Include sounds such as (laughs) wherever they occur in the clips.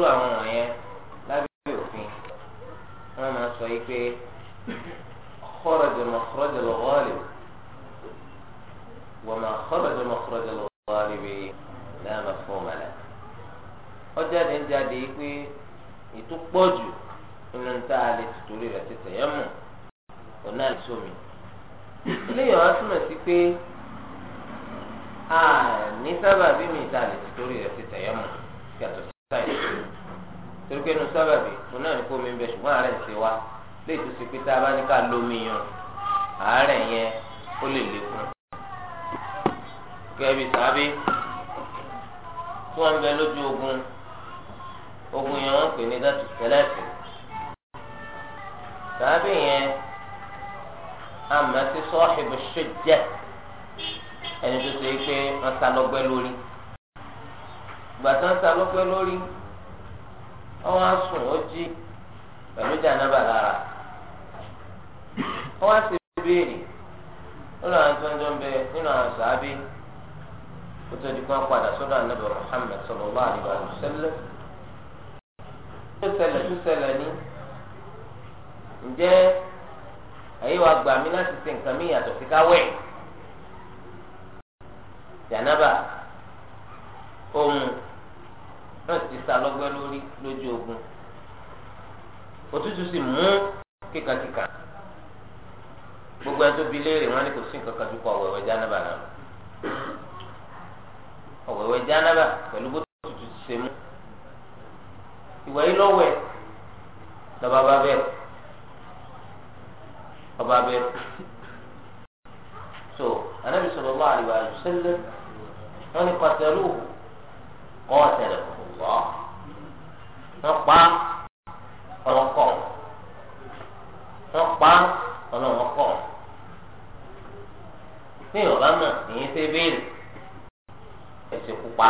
irú àwọn wọ̀nyẹn lábẹ́ òfin wọ́n máa sọ yìí pé kọ́rọ̀dọ̀ mọ̀kọ́rọ̀dọ̀ lọ́wọ́lì wọ́n máa kọ́rọ̀dọ̀ mọ̀kọ́rọ̀dọ̀ lọ́wọ́lì bí lẹ́yìn fún ọmọlẹ. ọjà ní jáde yìí pé ètò pọ̀jù nínú níta alẹ́ tìtorí rẹ̀ ti tẹ̀yẹ́ mọ̀ ọ̀nà àìsómi. eléyìí wọ́n túmọ̀ sí pé àní sábàbí mi ìta alẹ́ tìtorí rẹ̀ ti tẹ̀yẹ́ mọ̀ yàtọ̀ sí sáyẹ̀nsì torí pé inú sábàbí òun náà ní kó omi ń bẹ ṣùgbọ́n àárẹ̀ ń ṣe wá léyìí tó ṣe pé tá a bá ní ká lómi yan àárẹ̀ yẹn ó lè lékún. gẹ́gẹ́ bí sábẹ́ tí wọ́n ń bẹ lójú ogun ogun yẹn wọ́n pè ní dátù tẹ́lẹ̀tì sábẹ́ yẹn àmọ́ sí ṣe jẹ́ ẹni tó ṣe pé wọ́n ta lọ́gbẹ́ lórí gbàtà ń ta lọ́gbẹ́ lórí. ọwọ́ asùn ó jí pẹ̀lú jàǹdàbà lára ọwọ́ àti béèrè nínú àwọn tó ń jọ ń bẹ nínú àwọn sàábì ó tó di kan padà sọ́dọ̀ ànábì Muhammad sallallahu alaihi wa tó tó ní ayé wa gbà mí láti nǹkan mí yàtọ̀ sí ohun. náà ti sá lọ́gbẹ́ lórí lójú ogun òtútù sì mú kíkatíka gbogbo ẹni tó bi léèrè wọn ni kò sí nǹkan kan tó kọ ọ̀wẹ̀wẹ̀ jánábà náà ọ̀wẹ̀wẹ̀ jánábà pẹ̀lú bó tutù ti ṣe mú ìwẹ̀ yìí lọ́wẹ̀ lọ́ba bá bẹ́ẹ̀ ọba bẹ́ẹ̀ so anabi sallallahu alaihi wasallam wọn ni kọtẹ́lú kọ́ ọ̀tẹ̀lẹ̀ fún lọ wọn pa ọlọkọ wọn pa ọlọkọ ní ìwọ̀n bá mọ̀ èyí ṣe béèrè ẹ̀sìn pupa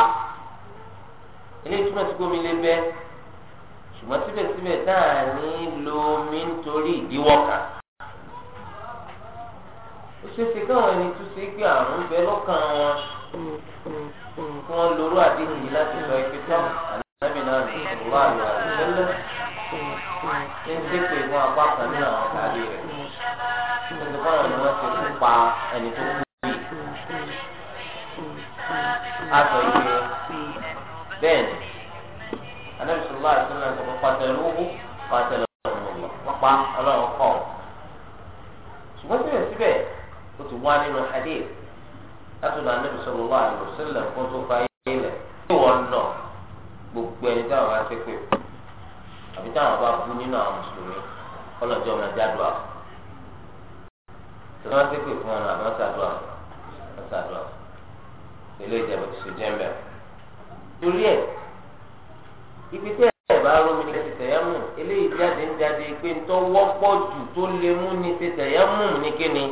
eléyìí túmọ̀ sí gómi lé bẹ́ẹ̀ ṣùgbọ́n síbẹ̀síbẹ̀ táà ní lo omi nítorí ìdíwọ́ kan ó ṣeé ṣe káwọn ẹni tún ṣe pé àrùn bẹ lọ́kàn wọn kí wọ́n lorú àdéhùn yìí láti sọ ibi tán àlẹ́bí náà ní ìṣòro àlọ́ àdìsẹ́lẹ̀ ní ń dépò ìwọ̀n apá kan ní àwọn àtàlẹ́ rẹ̀ nítorí báwọn ni wọ́n ti kú pa ẹni tó kú yìí. a sọ iye bẹ́ẹ̀ ni àlẹ́bí sọ̀rọ̀ àdìsẹ́lẹ̀ sọ pé pàtẹ́lú pàtẹ́lú wọ́n pa ọlọ́run kọ́ ṣùgbọ́n síbẹ̀síbẹ̀ o ti wá nínú hadith látọ̀dọ̀ anábì sọ̀rọ̀ wà lọ sílẹ̀ kó tó fa yé rẹ̀ tí wọ́n nà gbogbo ẹni táwọn bá ti pè àbí táwọn bá bú nínú àwọn mùsùlùmí ọlọ́jọ́ máa jádùá tí wọ́n ti pè fún ọ̀nà àwọn sàdùá àwọn sàdùá ilé ìjẹ̀bù ti ṣe jẹ́mbẹ̀. torí ẹ̀ ibi tẹ́ ẹ̀ bá rómi ní ti tẹ̀yẹ́mù eléyìí jáde ń jáde pé ń tọ́ wọ́pọ̀ jù tó lè mú ní ti tẹ̀yẹ́mù ní kíni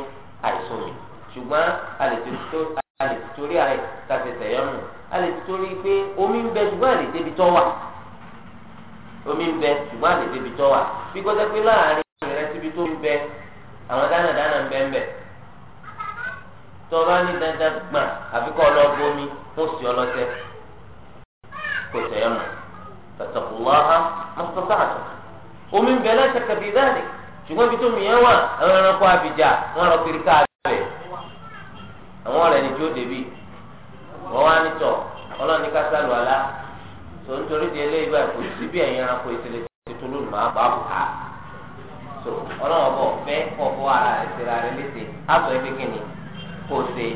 àìsùn mi ṣùgbọ́n a lè ti torí ààrẹ kàfẹsẹ̀ yọnu a lè ti torí pé omi ń bẹ ṣùgbọ́n a lè débi tọ́ wà omi ń bẹ ṣùgbọ́n a lè débi tọ́ wà bí kọ́sẹ́ pé láàrin rẹ síbi tó ń bẹ àwọn dánadáná ń bẹ ń bẹ tọ́ba ní dandan gbà àfikọ́ ọlọ́gbọ́mi fún sí ọlọ́sẹ̀ kò sẹ́yọ́ mọ́ tàtàkùlọ́ha mọ́tòtàtà omi ń bẹ lẹ́sẹ̀ kẹfì dáàdì ṣùgbọ́n ibi tó mìíràn wà àwọn ẹranko àbíjà wọn rọ kiri ká àwọn rẹ̀ ní tí ó débi wọ́n wá ní tọ̀ ọlọ́run ní kásálù alá tó ń torí di eléyìí báyìí kò sí bí ẹ̀yin ẹranko ìṣẹ̀lẹ̀ ètò lónìí máa bá wù á tó ọlọ́run ọ̀bọ̀ fẹ́ kọ̀ fọ́ ara rẹ̀ ṣe léṣe ẹgbẹ́ kìíní kò ṣe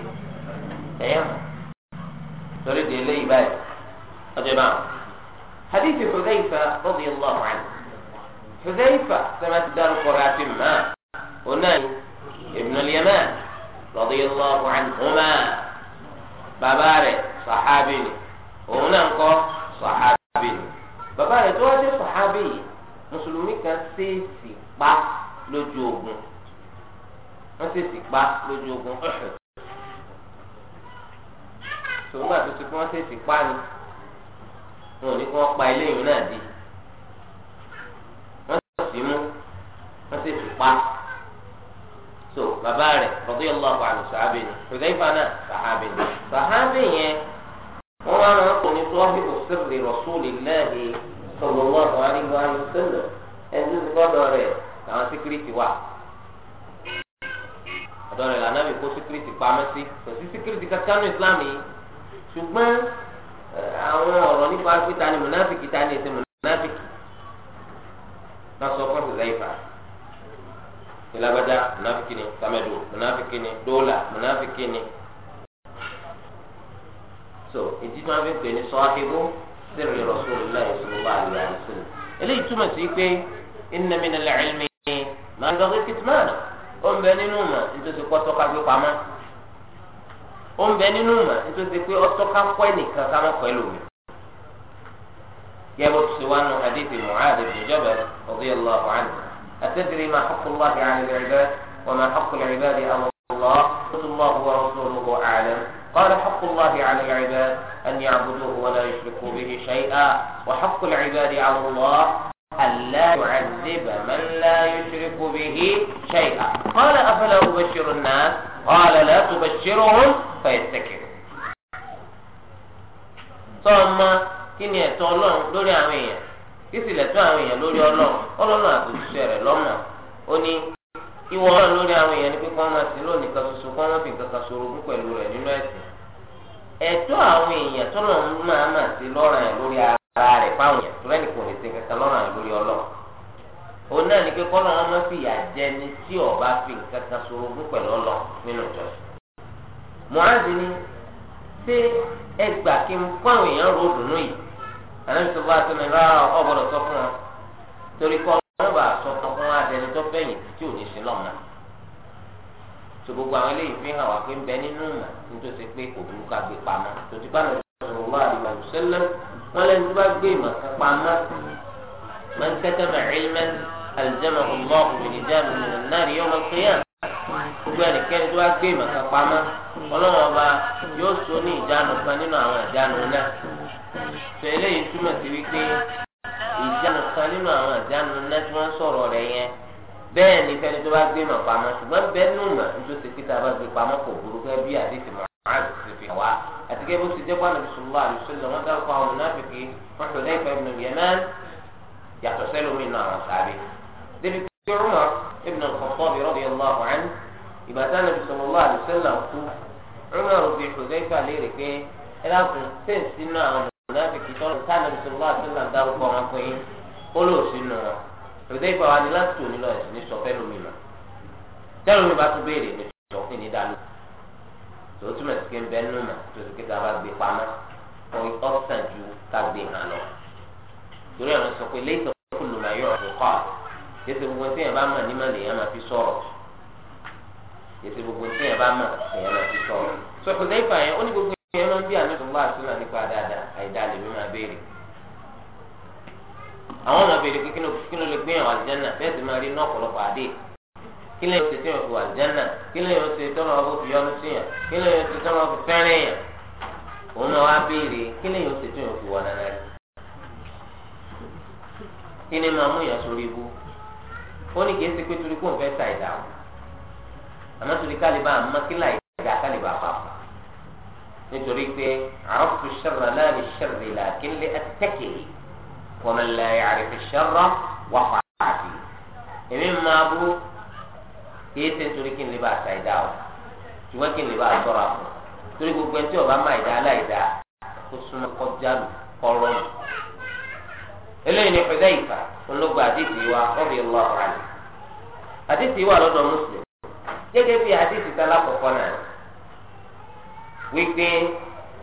ẹ̀yàn torí di eléyìí báyìí ọjọ́ ti dárúkọ rẹ̀ àti mọ́ radiyallahu anhuma bàbá rẹ̀ sàhábì ni òun náà kọ́ sàhábì ni bàbá rẹ̀ tó wá dé sàhábì yìí mùsùlùmí kan ṣèèṣì pa lójú ogun wọ́n ṣèèṣì pa lójú ogun ọ̀sẹ̀ tòǹgbà tó ti kí wọ́n ṣèèṣì pa ni wọn ò ní kí wọ́n pa eléyìí náà di wọ́n sì mú wọ́n ṣèèṣì pa so bàbá rẹ̀ radiyallahu anhu sàhábì ni Hudhayfa náà sàhábì ni sàhábì yẹn wọ́n wá náà kò ní sọ́ọ́fì sirri rasulillahi sallallahu alaihi wa sallam ẹni tó gbọ́dọ̀ rẹ̀ làwọn síkírìtì wà ọ̀dọ̀ rẹ̀ lànà mi kó síkírìtì pamọ́ sí kò sí síkírìtì kankan ní Islam yìí eh, àwọn ọ̀rọ̀ nípa pé ni mùnáfìkì ta ni ètò mùnáfìkì náà sọ fún Hudhayfa ìlàgbájá mùnàfikìnì sàmẹdù mùnàfikìnì dóòlà mùnàfikìnì. so ìdí tí wọn fi pè ní sahibu sirri Rasulillah sallallahu alaihi wasallam eléyìí túmọ̀ sí pé inna min al-ilmi ma yanbaghi kitmanu ó ń bẹ nínú mà nítorí pé ọtọ́ka gbé pamọ́ ó ń bẹ nínú mà nítorí pé ọtọ́ka kọ́ ẹnìkan ká má kọ́ ẹlòmí. gẹ́gẹ́ bó ti wá nù hadith Mu'adh ibn Jabal أتدري ما حق الله على العباد وما حق العباد على الله قلت الله ورسوله أعلم قال حق الله على العباد أن يعبدوه ولا يشركوا به شيئا وحق العباد على الله أن لا يعذب من لا يشرك به شيئا قال أفلا أبشر الناس قال لا تبشرهم فيتكلوا ثم كنية تولون دون عمية sísìlẹ̀ tún àwọn èèyàn lórí ọlọ́run ọlọ́run àtòṣiṣẹ́ rẹ̀ lọ́mọ̀ ó ní ìwọ ọlọ́run lórí àwọn èèyàn ní pé kọ́ máa sin lónìí kan ṣoṣo kọ́ máa fi nǹkan kan ṣorogún pẹ̀lú rẹ̀ nínú ẹ̀sìn ẹ̀tọ́ àwọn èèyàn tọ́lọ̀ ń máa máa ṣe lọ́ràn ẹ̀ lórí ara rẹ̀ fáwọn èèyàn tó lẹ́nu kò lè ṣe kankan lọ́ràn ẹ̀ lórí ọlọ́run òun náà ní pé kọ́ lọ́run máa fi yà jẹ ni tí ọba fi nǹkan kan ṣorogún pẹ̀lú ọlọ́run nínú ìjọsìn àlẹ́ sọ bá sọ lẹ́nu rárá ọ̀gbọ́dọ̀ sọ fún wọn torí kọ́ wọn bá sọ fún wọn adẹni tó fẹ̀yìn tí ò ní sí lọ́mọ tó gbogbo àwọn eléyìí fi hàn wá pé ń bẹ nínú ìmọ̀ nítorí pé kò burú ká gbé pamọ́ tó ti bá lọ sọ̀rọ̀ wá àdìgbà ìṣẹ́lẹ̀ wọn lẹ́nu tó bá gbé ìmọ̀ kan pamọ́ máa ń kẹ́tẹ́ mẹ́rin ilmẹ́ alìjẹ́mọ̀ ọ̀gbọ́n ọ̀gbìn jáde nínú náà ní yọmọ kéèyàn gbogbo ẹnikẹ́ni tó bá gbé ìmọ̀ kan pamọ́ ọlọ́run ọba yóò so ní ìjánu kan nínú àwọn ìjánu náà tẹ̀lé yìí túmọ̀ sí wípé ìjánu kan nínú àwọn ìjánu náà tí wọ́n sọ̀rọ̀ rẹ̀ yẹn bẹ́ẹ̀ ni fẹ́ni tó bá gbé mọ̀ pamọ́ ṣùgbọ́n bẹ́ẹ̀ nù mọ̀ nítorí ti pété abá gbé pamọ́ kò burú fẹ́ bí àdéhùn mọ̀ àti fífi wá àti kébó ti dẹ́kun àná bisimilá àlùsọ́lẹ̀ wọ́n dárúkọ àwọn onáfìkì wọ́n tó lẹ́yìn fẹ́ẹ́ nìyẹn náà yàtọ̀ sẹ́lómi nù àwọn sáré. débi tí ó munafiki tọ́lọ̀ sáànà bisimilá àtúnlá dárúkọ wọn pé ó lò sínú wọn òde ìfọ̀ wa ni láti tò nílò ẹ̀sìn ní sọfẹ́ lómi mọ̀ tẹ́lẹ̀ mi bá tún béèrè ní sọfún ní dáló tó túmọ̀ sí kéńbẹ́ nù mà tó sì kéka bá gbé pamọ́ ọ̀sán ju ká gbé hàn lọ torí àwọn sọ pé lẹ́yìn tó kù lùmọ̀ yọ̀ ọ̀dọ̀ kọ́ yẹsẹ gbogbo ntẹ yẹn bá mọ̀ ní malẹ yẹn máa fi sọ̀rọ̀ yẹsẹ gbogbo ntẹ yẹn bá mọ̀ yẹn máa fi sọ̀rọ̀ sọkùnrin ìfà yẹn ó ní gbogbo yẹn máa ń bí àná yàn àlùjánnà bẹ́ẹ̀ sì máa rí iná ọ̀pọ̀lọpọ̀ àdé kí lè yàn ṣe tí yàn fi wà àlùjánnà kí lè yàn ṣe tọ́nà ọ̀bọ̀ fi yọnu sí yàn kí lè yàn ṣe tọ́nà ọ̀bọ̀ fẹ́rẹ̀ yàn òun náà wá béèrè kí lè yàn ṣe fi wà nàrà rẹ̀ kí ni máa mú yàn sórí ibú ó ní kí n ṣe pé torí kó fẹ́ sa ìdá àmọ́ torí kálíbà àmọ́ kí láì ìdá kálíbà pàpà àbí èmi máa bú kìí ṣe nítorí kí n lè bá àṣà ìdá o ṣùgbọ́n kí n lè bá àṣọra fún torí gbogbo ẹni tí ọba máa ìdá aláìdá kó súnmọ́ kọjá lù kọ́rọ́ lù eléyìí ni Hudayfa ológun àdìsí wa ọ̀bì ìlú ọ̀rọ̀ àlè àdìsí wa lọ́dọ̀ Muslim gẹ́gẹ́ bí àdìsí tala kọ̀kọ́ náà wípé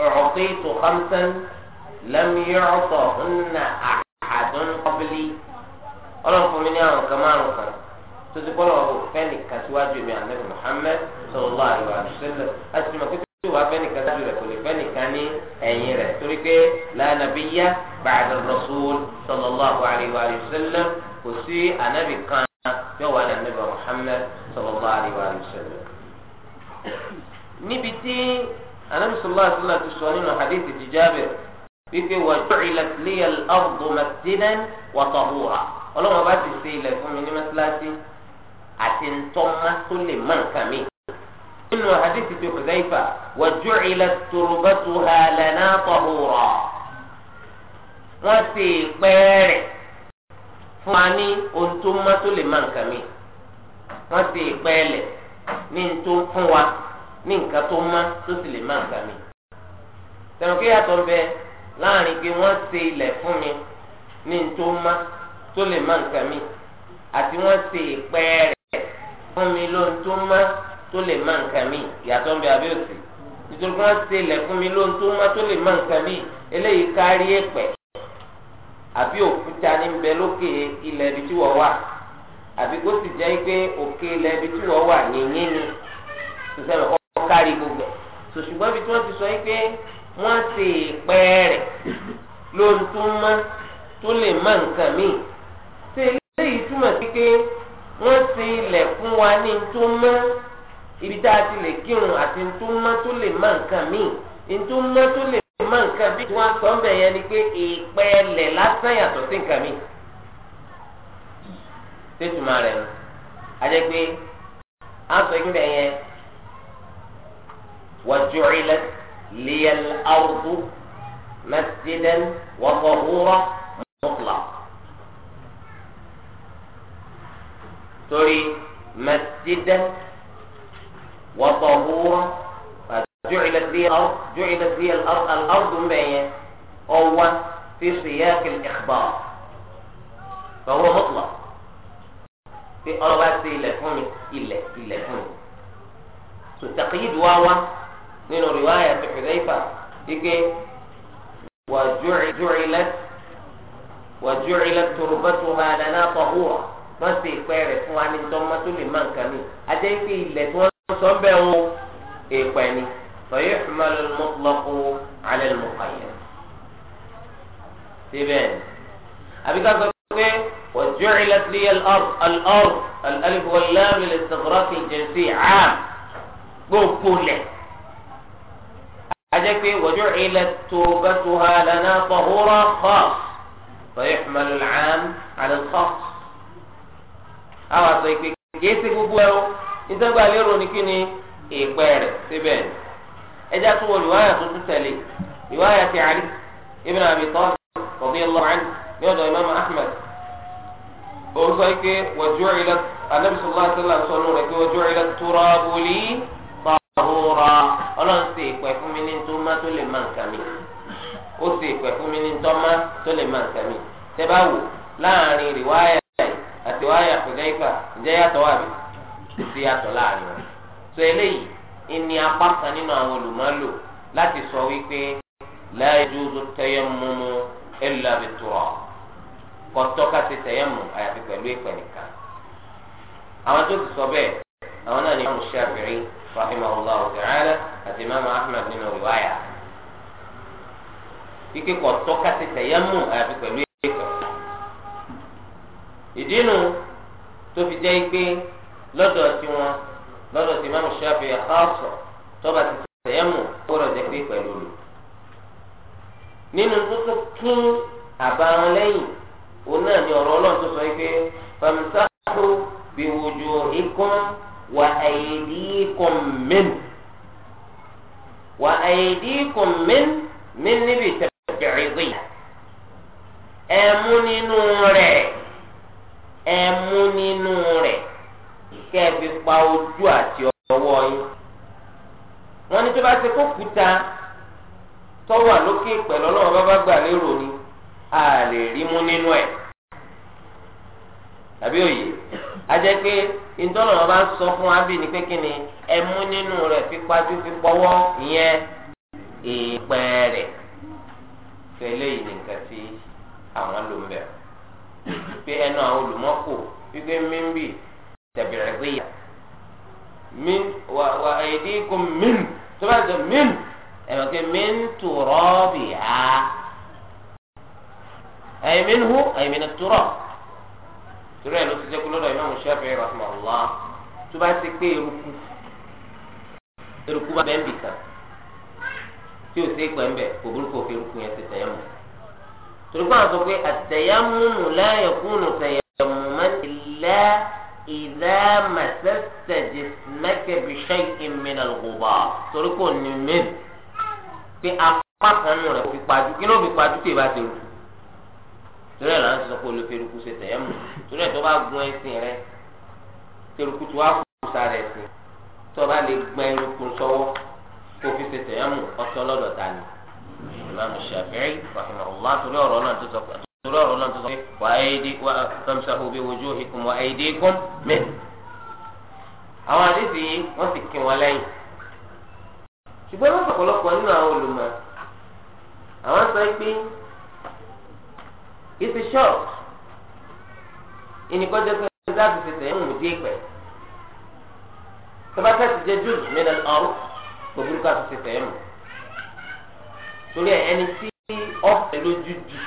u'titu khamsan lam ọlọ́run fún mi ní àwọn kan márùn kan tó ti kọ́lọ́ ọ̀bọ̀ fẹ́ẹ̀nì kàṣíwájú mi ànábì Muhammad sallallahu alaihi wa sallam àti mọ̀ pípé tó wà fẹ́ẹ̀nì kan sáájú rẹ̀ kò lè fẹ́ẹ̀nì kan ní ẹ̀yìn rẹ̀ torí pé la nabiyya ba'da rasul sallallahu alaihi wa sallam kò sí ànábì kan yóò wà ní ànábì Muhammad sallallahu alaihi wa níbi tí ànábì sallallahu alaihi ti sọ wípé wà ju'ilat liya al-ardu masjidan wa tahura ọlọ́run bá ti ṣe ilẹ̀ fún mi ní mẹ́sàlásí àti ntọ́má tó lè mọ nǹkan mi. nínú hadithi ti Hudhayfa wà ju'ilat turbatuha lana tahura wọ́n ti pẹ́ẹ́rẹ́ fún wa ní ohun tó lè mọ nǹkan mi wọ́n ti pẹ́ẹ́lẹ̀ ní tó fún wa ní nǹkan tó mọ́ tó sì lè mọ nǹkan mi. sẹ̀rọ̀ kí yàtọ̀ bẹ́ẹ̀ láàrin pé wọ́n ṣe ilẹ̀ fún mi ní tó má tó lè má nǹkan mi àti wọ́n ṣe ìpẹ́ rẹ̀ fún mi ló ń tó má tó lè má nǹkan mi ìyàtọ̀ ń bẹ abẹ́ òsì nítorí wọ́n ṣe ilẹ̀ fún mi ló ń tó má tó lè má nǹkan mi eléyìí kárí ẹ̀pẹ̀ àbí òkúta ní bẹ lókè ilẹ̀ ibi tí wọ́n wà àbí kó sì jẹ́ pé òkè ilẹ̀ ibi tí wọ́n wà yìnyín ni sọ̀sẹ̀ rẹ̀ kọ́ kárí gbogbo ṣùgbọ́n ibi tí wọ́n ti sọ yìí pé wọ́n ṣe ìpẹ́ rẹ̀ lórí tó mọ́ tó lè mọ nǹkan míì ṣe eléyìí túmọ̀ sí pé wọ́n ṣe ilẹ̀ fún wa ní tó mọ́ ibi tá a ti lè kírun àti tó mọ́ tó lè mọ nǹkan míì tó mọ́ tó lè mọ nǹkan bí wọ́n sọ ń yẹn ni pé ìpẹ́ lásán yàtọ̀ sí nǹkan míì ṣé túmọ̀ rẹ̀ nù ajẹ́ pé a sọ ìgbẹ́ yẹn wọ́n jọ ilẹ̀ sí. لي الأرض مسجدا وطهورا مطلق سوري مسجدا وطهورا فجعلت لي الأرض جعلت لي الأرض الأرض مبينة هو في سياق الإخبار فهو مطلق في أربعة إلى فمي إلى إلى فمي تقييد واو nínú riwaya ti Hudhayfa ike wa ju'ilat wa ju'ilat turbatuha lana tahura wọ́n sì pẹ́ rẹ̀ fún wa ní tọ́mọ́ tó lè má nǹkan mi ajẹ́ pé ilẹ̀ tí wọ́n sọ bẹ́ẹ̀ ń èèpẹ̀ ni فيحمل المطلق على المقيد síbẹ̀ àbí ká sọ pé وجعلت لي الأرض الأرض الألف واللام للاستغراق الجنسي عام gbogbo lẹ̀. أجك وجعلت توبتها لنا طهورا خاص فيحمل العام على الخاص أو أصيك كيف يقولوا إذا قالوا نكني إقبال سبين إذا تقول رواية تتلي رواية علي ابن أبي طالب رضي الله عنه يقول إمام أحمد وصيك وجعلت النبي صلى الله عليه وسلم صلى وجعلت تراب لي tahura ọlọ́run ṣe ìpẹ́ fún mi ní tó má tó lè má nǹkan mi ó ṣe ìpẹ́ fún mi ní tó má tó lè má nǹkan mi tẹ́ bá wò láàrin rìwáyà àti wáyà Hudayfa ǹjẹ́ yàtọ̀ wà mí kò sí yàtọ̀ láàrin wọn. sọ eléyìí ìní apá kan nínú àwọn olùmọ́lò láti sọ wípé la yajuzu tayammumu illa bit-turab kọ́tọ́ ká ti tayammu àyàfi pẹ̀lú ìpẹ̀nìkan. àwọn tó ti sọ bẹ́ẹ̀ àwọn náà ní imam shafi'i rahimahullah ta'ala àti imam ahmed nínú riwaya ike kò tọ́ka sí tẹ̀yẹ́mù àyàfi pẹ̀lú ẹ̀kọ́ ìdínú tó fi jẹ́ pé lọ́dọ̀ tiwọn lọ́dọ̀ tí imam shafi'i khaṣọ tọ́ba ti tẹ̀yẹ́mù ó rọ̀ jẹ́ pé pẹ̀lú olùkọ́ nínú tuntun kín àbáwọn lẹ́yìn òun náà ni ọ̀rọ̀ ọlọ́run tó sọ yìí pé famsahu biwujuhikum wa aydikum min wa aydikum min min níbi tẹ̀síìrì ẹ mú nínú rẹ̀ ẹ mú nínú rẹ̀ kẹ́ fi pa ojú àti ọwọ́ yín wọ́n ní tó bá ṣe kó kúta tọ́wà lókè pẹ̀lú ọlọ́run bá bá gbà lérò ni a lè rí mú nínú ẹ̀ tàbí òye ajẹ́ pé ìtọ́nà wọn bá sọ fún wa bí ni pé kí ni ẹ nínú rẹ̀ fipájú fipọ́wọ́ ìyẹn èèpẹ̀ rẹ̀ tẹ́lẹ̀ yìí ni nǹkan tí àwọn ló ń bẹ̀ pé ẹnu àwọn olùmọ́kò wípé mímbì tẹ̀bẹ̀rẹ̀ yà min wà wà èdè min tó min ẹ̀rọ hu ẹ̀yìn torí ẹ̀ ló ti jẹ́ kó lọ́dọ̀ Imam Shafi'i rahimahullah tó bá ti pé eruku eruku bá bẹ́ẹ̀ bìkan tí o ṣe pẹ̀ ń bẹ̀ kò burúkú òfin eruku yẹn ti tẹ̀yẹ̀ mọ́ torí kó àwọn sọ pé àtẹ̀yẹ́múmù la yakunu tayammuman illa idha massasta jismaka bi shay'in min al-ghubar torí kò ní mẹ́rin pé apá kan nù rẹ̀ kò fi pàdú kí ló fi pàdú tó ìbá ti rú torí ẹ̀ là ń sọ pé olú peruku ṣe tẹ̀yẹ́ mu torí ẹ̀ tó bá gun ẹsìn rẹ peruku tó wá kú sára ẹsìn tó bá lè gbọn eruku sọ́wọ́ kó fi ṣe tẹ̀yẹ́ mu ọtọ́ lọ́dọ̀ ta ni ìmáàmù Ṣafi'i rahimahullah torí ọ̀rọ̀ náà tó sọ pé torí ọ̀rọ̀ náà tó sọ pé wà á yéde wà á famsahu bi wujuhikum wà á yéde kún mẹ́. àwọn àdéhùn yìí wọ́n sì kí wọn lẹ́yìn ṣùgbọ́n ìsì ṣọ́ọ̀t ìnìkọ́jọ́ pé ẹ̀dá ti ti tẹ̀yìn mú díẹ̀ pẹ̀ tọ́ba tẹ̀sí jẹ́ jùlù mẹ́ta ọ̀rọ̀ kò burúkú àti ti tẹ̀yìn mú torí ẹni tí ọ̀fẹ́ lójú jù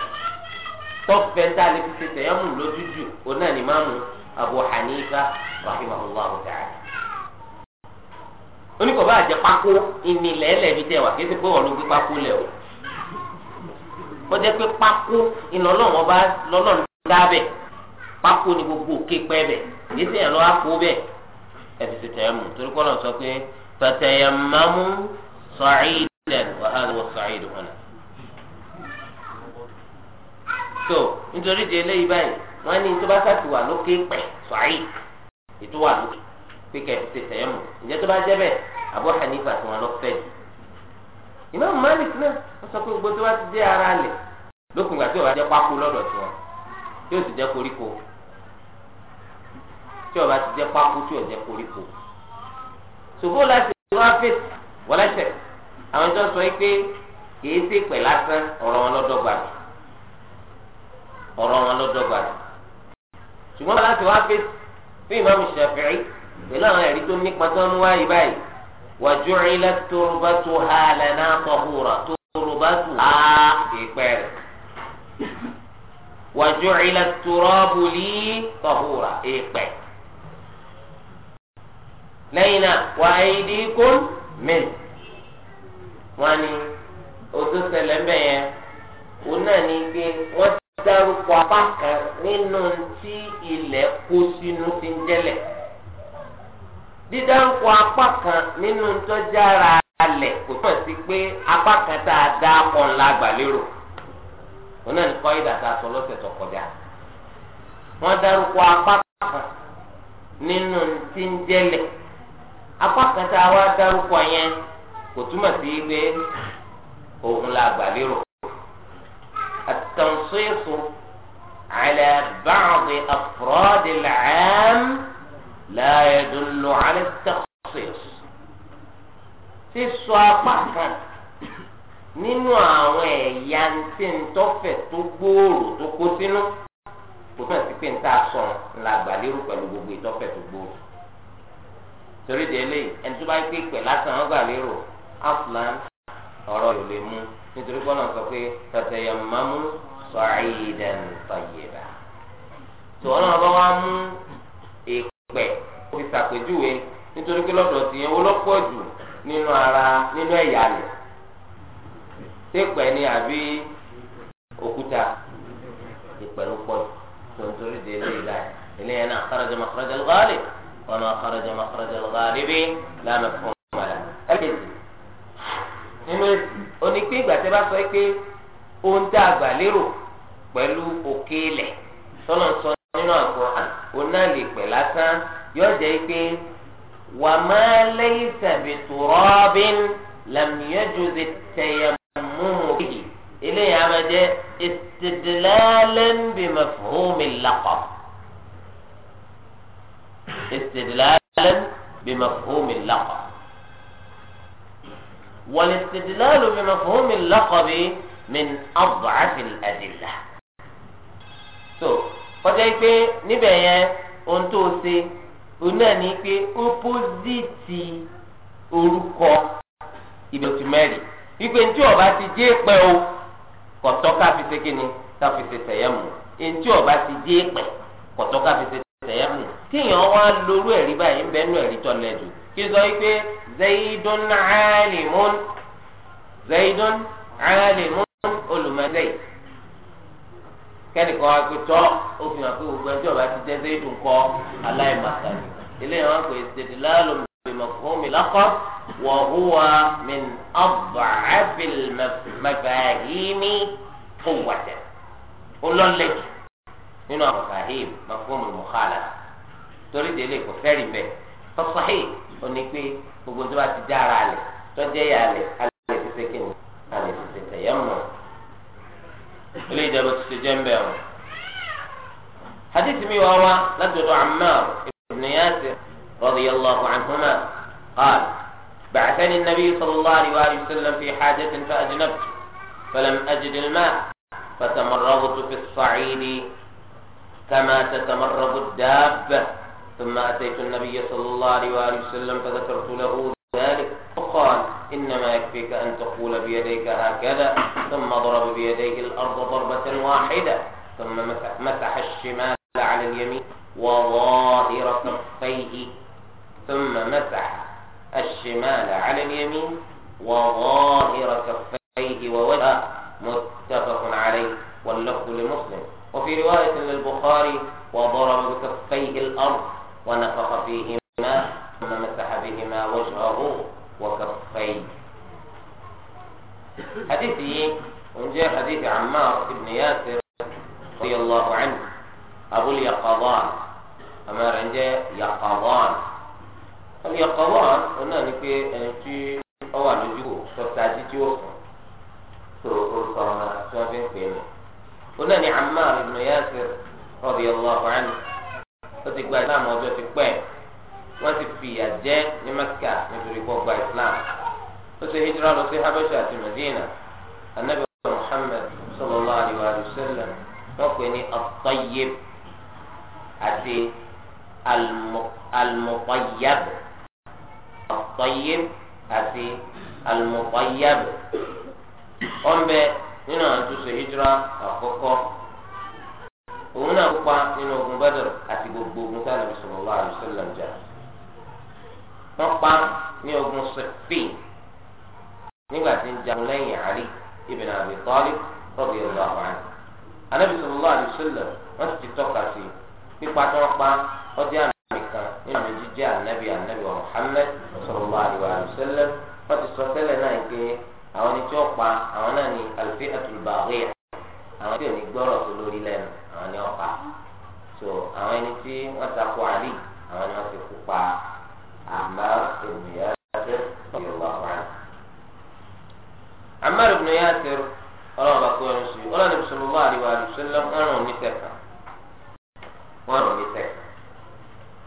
tọ́fẹ́ tá a lè fi ti mú lójú òun náà ní máa mú Abu Hanifa rahimahullahu ta'ala oníkọ̀ọ́bá àjẹpákó ìnìlẹ̀ ẹlẹ́bi tẹ̀ wá kí ẹ ti pé wọ́n ló gbé pákó lẹ̀ o. kọjá pé pákó ìnọlọ́wọ́ bá lọ́lọ́run dábẹ̀ pákó ni gbogbo òkè pẹ́ bẹ̀ èyí sì àpò bẹ̀ ẹ̀fì sì tẹ̀ mú torí kọ́nà sọ pé fatayammamu so nítorí di eléyìí báyìí wọn ní tó bá sàtì wà lókè pẹ̀ lókè pé tẹ̀ mú tó bá jẹ́ Imam Malik náà wọ́n sọ pé gbogbo tó bá ti dé ara lẹ̀ lókun ìgbà tí ó bá jẹ́ pákó lọ́dọ̀ tí wọn tí ó sì jẹ́ koríko tí ó bá ti jẹ́ pákó tí ó jẹ́ koríko. Ṣùgbọ́n láti wá fèsì wọlé tẹ̀ àwọn ìjọ sọ pé kìí ṣe pẹ̀ lásán ọ̀rọ̀ wọn lọ́dọ̀gba ọ̀rọ̀ wọn lọ́dọ̀gba ṣùgbọ́n láti wá fèsì fún Imam Shafi'i pẹ̀lú àwọn ẹ̀rí tó nípa tó wáyé báyìí. وجعلت تربتها لنا طهورا تربتها إقبال وجعل التراب لي طهورا إقبال لينا وأيديكم من واني أتسلم بيه وناني بيه wọ́n dárúkọ apá kan nínú tí ilẹ̀ kó sínú ti ń jẹ́lẹ̀ dídáńkọ apá kan nínú ntọ́jára alẹ̀ kò tọ̀ sí pé apá kan tá a dá ọ̀n la gbà lérò wọn náà ní kọ́ ìdá tá a sọ lọ́sẹ̀ tó kọjá wọn dárúkọ apá kan nínú tí ń jẹ́lẹ̀ apá kan tá a wá dárúkọ yẹn kò túmọ̀ sí pé òun la gbà lérò at-tanṣīṣu ala ba'ḍi afrādi al-'ām. لا يدل على التخصيص sísọ apá kan nínú àwọn ẹ̀yà tí ń tọ́fẹ̀ tó gbòòrò tó kó sínú kò fẹ́ sí pé ń tà sọ làgbà lérò pẹ̀lú gbogbo ìtọ́fẹ̀ tó gbòòrò torí délé ẹni tó bá ń pèpè lásán ọgbà lérò aflan ọ̀rọ̀ yóò lè mú nítorí gbọ́dọ̀ sọ pé fatayammamu sa'idan tayyiba tòun náà bá wá mú èkó pẹ̀ ó fi ṣàpèjúwe nítorí pé lọ́dọ̀ ti yẹn olọ́pọ̀ jù nínú ara nínú ẹ̀yà rẹ̀ tẹ́pẹ́ ni àbí òkúta ìpẹ́ ló pọ̀ jù nítorí de ilé ìlà ilé yẹn náà kharaja makhraja al-ghalib wa ma kharaja makhraja al-ghalibi la ẹlẹ́dì nínú onípé ìgbà bá sọ pé ohun tá a gbà lérò pẹ̀lú òkè ilẹ̀ sọ́nà sọ́nà. nínú àkùrán òun náà lè pè lásán yóò jẹ́ pé wà má lẹ́yìn tàbí tùrọ́bìn làmìyànjú ti tẹ̀yẹ̀ mu mu kéjì eléyìí á máa jẹ́ istidlalan bi mafhumi laqab istidlalan bi mafhumi sidilalu wal istidlalu bi mafhumi laqabi min ad'afi al-adillah so. kọjá yìí pé níbẹ̀ yẹn ohun tó ṣe òun náà ní pé ópósìtì orúkọ ìbẹ̀tù mẹ́rin wípé ntí ọba ti jẹ́ pẹ́ o kọ̀tọ́ káfi ṣe kíni káfi ṣe tẹ̀yẹ̀ mù ntí ọba ti jẹ́ pẹ́ kọ̀tọ́ káfi ṣe tẹ̀yẹ̀ mù kéèyàn wá lórú ẹ̀rí báyìí ń bẹ́ẹ̀ nú ẹ̀rí tọ́lẹ̀ jù kí sọ wípé zayidun alimun zayidun alimun olùmọ̀lẹ́yìn kẹ́nìkan wá pé tọ́ ó fi hàn pé gbogbo ẹjọ́ bá ti jẹ́ sẹ́yìn nǹkọ́ aláìmọ̀tà ni eléyìí wọn pè ṣètì láàlú mọ̀fómi lọ́kọ́ wọ̀ húwa min ọ̀bà ábìl mẹfàhìmí fúwàtẹ̀ olólẹ́kì nínú àwọn mẹfàhìm mọ̀fómi mọ̀kálà torí délé kò fẹ́rì bẹ́ẹ̀ tọ́sọ̀hì ó ní pé gbogbo tó bá ti dára lẹ̀ tọ́jẹ́ yà lẹ̀ alẹ́ ti ṣe kí alẹ́ ti ṣe tẹ̀yẹ́ mọ̀. ilé ìjẹun ti ṣe jẹ́ńbẹ́ o. حديث ميواوا لدد عمار بن ياسر رضي الله عنهما قال بعثني النبي صلى الله عليه وآله وسلم في حاجة فأجنبت فلم أجد الماء فتمرغت في الصعيد كما تتمرغ الدابة ثم أتيت النبي صلى الله عليه وآله وسلم فذكرت له ذلك فقال إنما يكفيك أن تقول بيديك هكذا ثم ضرب بيديه الأرض ضربة واحدة ثم مسح, الشمال على اليمين وظاهر كفيه ثم مسح الشمال على اليمين وظاهر كفيه ووجهه متفق عليه واللفظ لمسلم وفي رواية للبخاري وضرب بكفيه الأرض ونفخ فيهما ثم مسح بهما وجهه وكفيه حديثي وجاء حديث عمار بن ياسر رضي الله عنه أبو اليقظان أما عنده يقظان اليقظان هنا نكي أنتي أو أنجو سوساتي تيوسن سوسو صرنا سوفين فيني هنا عمار بن ياسر رضي الله عنه فتقبل نعم وجه في wọ́n ti fìyà jẹ ní Mẹ́kà nítorí kó gba Islam ó ṣe hijira lọ sí Habasha àti Medina anabi Muhammad sallallahu alayhi wa sallam wọ́n pè ní at-Tayyib àti al-Mutayyib at-Tayyib àti al-Mutayyib wọ́n bẹ nínú àwọn tó ṣe hijira àkọ́kọ́ òun náà kópa nínú ogun Badr àti gbogbo ogun tí a lè fi wa sallam jà wọ́n pa ní ogun sèpin nígbà tí ń jagun lẹ́yìn àárí ibn Abi Talib radiyallahu anhu anabi sallallahu alaihi wasallam wọ́n sì ti tọ́ka sí pípa tí wọ́n pa ọdí àmì kan nínú àmì jíjẹ́ anabi anabi Muhammad sallallahu alaihi wasallam wọ́n ti sọ tẹ́lẹ̀ náà pé àwọn ẹni tí wọ́n pa àwọn náà ní al-fi'atul àwọn tí ò ní gbọ́rọ̀ tó lórí lẹ́nu àwọn ni wọ́n pa so àwọn ẹni tí wọ́n takò àlì àwọn ni wọ́n ti kú عمار بن ياسر رضي الله عنه عمار بن ياسر ọlọ́run bá kó ẹnu sí i ọlọ́run ní sọlọ́lá àríwá àdùsọ́lá ọ̀rùn ní tẹ̀ka wọ́n rùn ní tẹ̀ka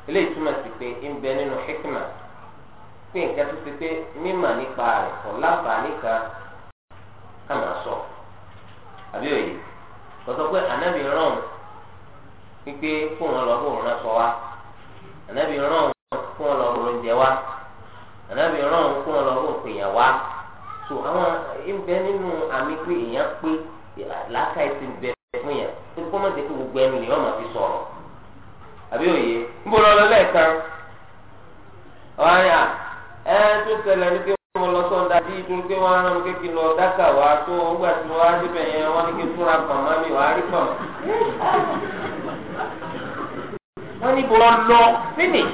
eléyìí túmọ̀ sí pé ń bẹ nínú hikma pé nǹkan tó ti pé mímọ̀ nípa rẹ̀ kọ̀ láǹfààní kan ká máa sọ àbí òye lọ́sọ̀ pé ànábì rán pípé kó wọn lọ bó wọn sọ wa ànábì rán fún wọn lọ ro oúnjẹ wa ànábì ọlọ́run kó wọn lọ wa so àwọn ìbẹ nínú àmì pé èèyàn pé làákà ìsìn bẹ fún yẹn tó kọ́ mọ̀ gbogbo ẹnu fi sọ̀rọ̀ àbí òye ń bọ̀ lọ́lọ́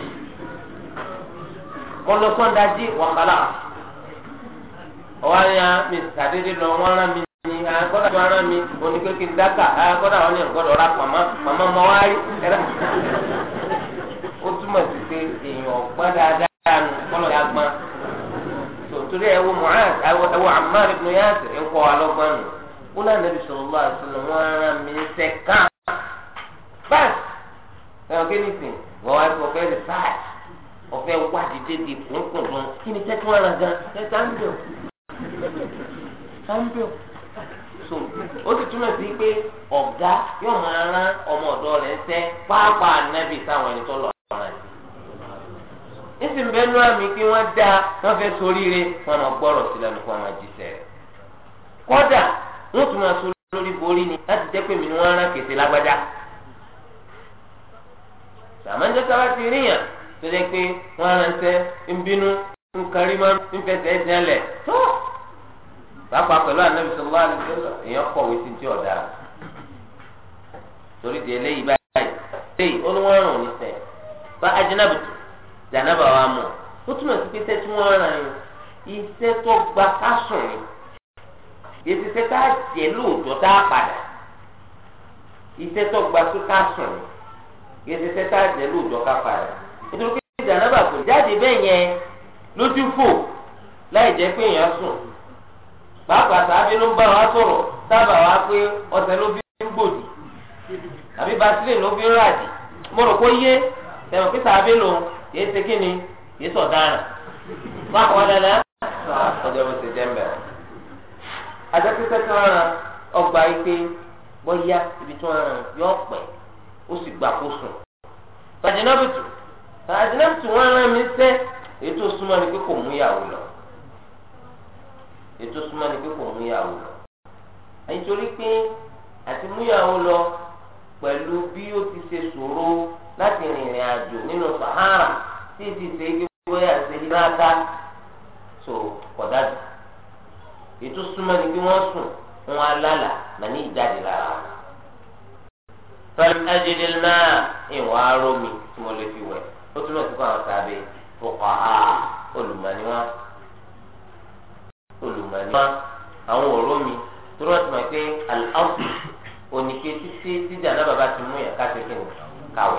(laughs) ọlọ́sọ́ dájí wàhálà ọwọ́ àyà mi sàdédé lọ wọ́n rán mi ní àgọ́dà tó rán mi oníkékin daka àgọ́dà wọn ní ọ̀gọ́dọ̀ ra pàmò màmá mọ wáyé ẹ̀rọ ó túmọ̀ sí pé èèyàn nù yà wọ wọ ibn nù wọn náà wọn ọ̀fẹ́ wádìí débi kúnkùn gan kí ni tẹ́tí wọn ra gan ẹ sáńbẹ̀ọ̀ sáńbẹ̀ọ̀ so ó sì túmọ̀ sí pé ọ̀gá yóò máa rán ọmọ ọ̀dọ́ rẹ̀ sẹ́ pàápàá nábì sáwọn ẹni tó lọ ọ̀rọ̀ rẹ̀ nísìnyí bẹ́ẹ̀ ló àmì pé wọ́n dá wọ́n fẹ́ soríire wọn máa gbọ́rọ̀ sílẹ̀ nípa wọn máa jíṣẹ́ rẹ̀ kódà wọ́n tún máa sori lórí borí ni láti jẹ́ pé mi ni wọ́n rán kèsè lágbájá sàmájọ́ sábà ti ríyàn tọ́jà pé wọ́n rán ṣẹ́ ń tó pàápàá èèyàn torí di eléyìí báyìí léyìí ó ní wọ́n rán òní sẹ́ bá ajínàbùtù jànábà wa mọ̀ ó túmọ̀ sí pé tí wọ́n rán yẹn iṣẹ́ tó gba kásùn ni èsì iṣẹ́ tá a lóòótọ́ tá a padà iṣẹ́ tó gba nítorí pé jàǹdàbà kò jáde bẹ́ẹ̀ yẹn lójú fò láì jẹ́ pé èèyàn sùn pàápàá sábẹ́ ló ń bá wa sọ̀rọ̀ sábà wa pé ọ̀sẹ̀ ló fi ń gbòdì tàbí basilé ló fi ń ràdì mo rò kó yé tẹ̀wọ̀n pé sábẹ́ lòun ṣe kí ni kìí sọ̀daràn má wà dáná ọjọ́ bó ṣe jẹ́ mbẹ́ àjẹpẹ́sẹ́ tí wọ́n ran ọgbà ike ibi tí wọ́n ran yọ ọ̀pẹ̀ ó sì gbà àdínà tí wọn rán mi sẹ ètò súnmọ́ ni pé kò mú ìyàwó lọ ètò ni pé lọ nítorí pé àti mú ìyàwó lọ pẹ̀lú bí ó ti ṣe láti rìnrìn àjò nínú Sahara tí ti ṣe é gbégbé àti ìlànà tó kọ̀dájú ètò ni pé wọ́n sùn wọn alálà nàní ìjáde lára wọn. náà ìwà ó túmọ̀ sí fún àwọn sábẹ́ fuqaha olùmọ̀níwá olùmọ̀níwá àwọn òró mi tó rọ̀ tìmọ̀ pé aláwùjọ oníke títí títí àná bàbá ti mú yàn káṣí kí n kàwé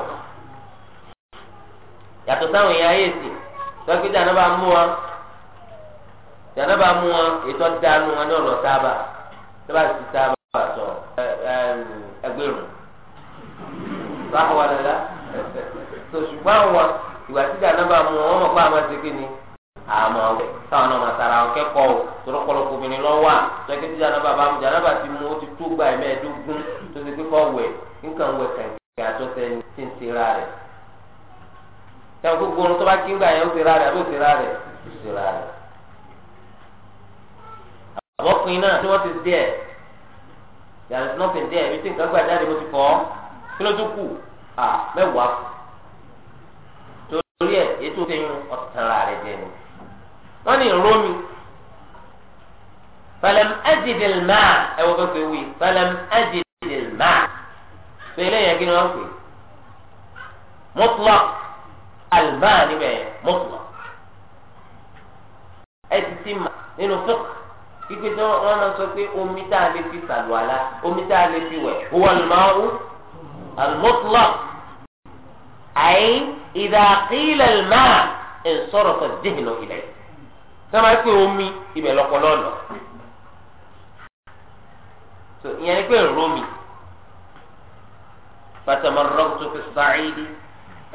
yàtọ̀ sáwọn èèyàn ayé sí tọ́kí tí àná bá mú wa tí àná bá mú wa ètò dánú wọn ní ọ̀nà sábà sábà sí sábà sọ ẹgbẹ̀rún sáà wà lọ́la. so ṣùgbọ́n àwọn ìgbà tí ìdáná bá mu wọn mọ̀ pé àwọn ṣe kí ni àmọ́ ọ̀wẹ̀ táwọn ọmọ sara wọn o tọ́lọ́pọ̀lọpọ̀ obìnrin lọ wà lọ́kẹ́ tí bá bá bá ti mu ó ti tó gba ẹ̀mẹ́ẹ̀ẹ́dógún tó pé nǹkan wẹ̀ ń ṣe ra rẹ̀ gbogbo ohun tó bá kí ń gbà yẹn ó ṣe ra rẹ̀ àbí ó ṣe torí ẹ ètò ìfẹyìn ọ̀tara rẹ jẹ ni wọn ní rómi falam ajidil máa ẹ wọ́n fẹ́ wí falam ajidil máa sọ eléyìí ẹgbẹ́ ni wọ́n pè mutlaq almaa níbẹ̀ mutlaq ẹ ti ti nínú fúk ikpe tí wọn máa sọ pé omi tá a lè fi sàlùwàlà omi tá a lè fi wẹ̀ huwa al-ma'u al àyè ìdàkílẹ̀ máa ẹ̀ sọ̀rọ̀ fún dìhìnà ilẹ̀ sọ́mà pé omi ibẹ̀ lọ́pọ̀lọ́ lọ. tó ìyẹn ni pé romi fatama rọ́ọ̀tù fi sàáìdì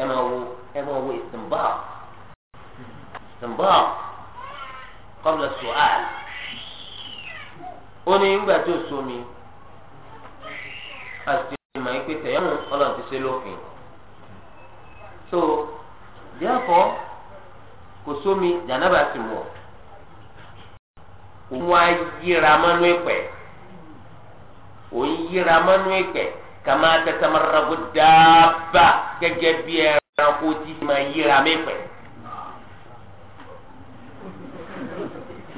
ẹ̀ máa wo ẹ̀ máa wo ìsìnbà ìsìnbà kọ́bùlà sùhàl ó ní ìgbà tó somi àti ìmọ̀ ìpèsè yẹn ọlọ́run ti ṣe lófin so therefore kò sómi jànàbà sì wọ̀ òun wá yíra mọ́nú ẹ̀pẹ̀ òun yíra mọ́nú ẹ̀pẹ̀ kàmá tẹ̀sánmọ́ràgó dáàbà gẹ́gẹ́ bí ẹranko tí máa yíra mẹ́pẹ̀.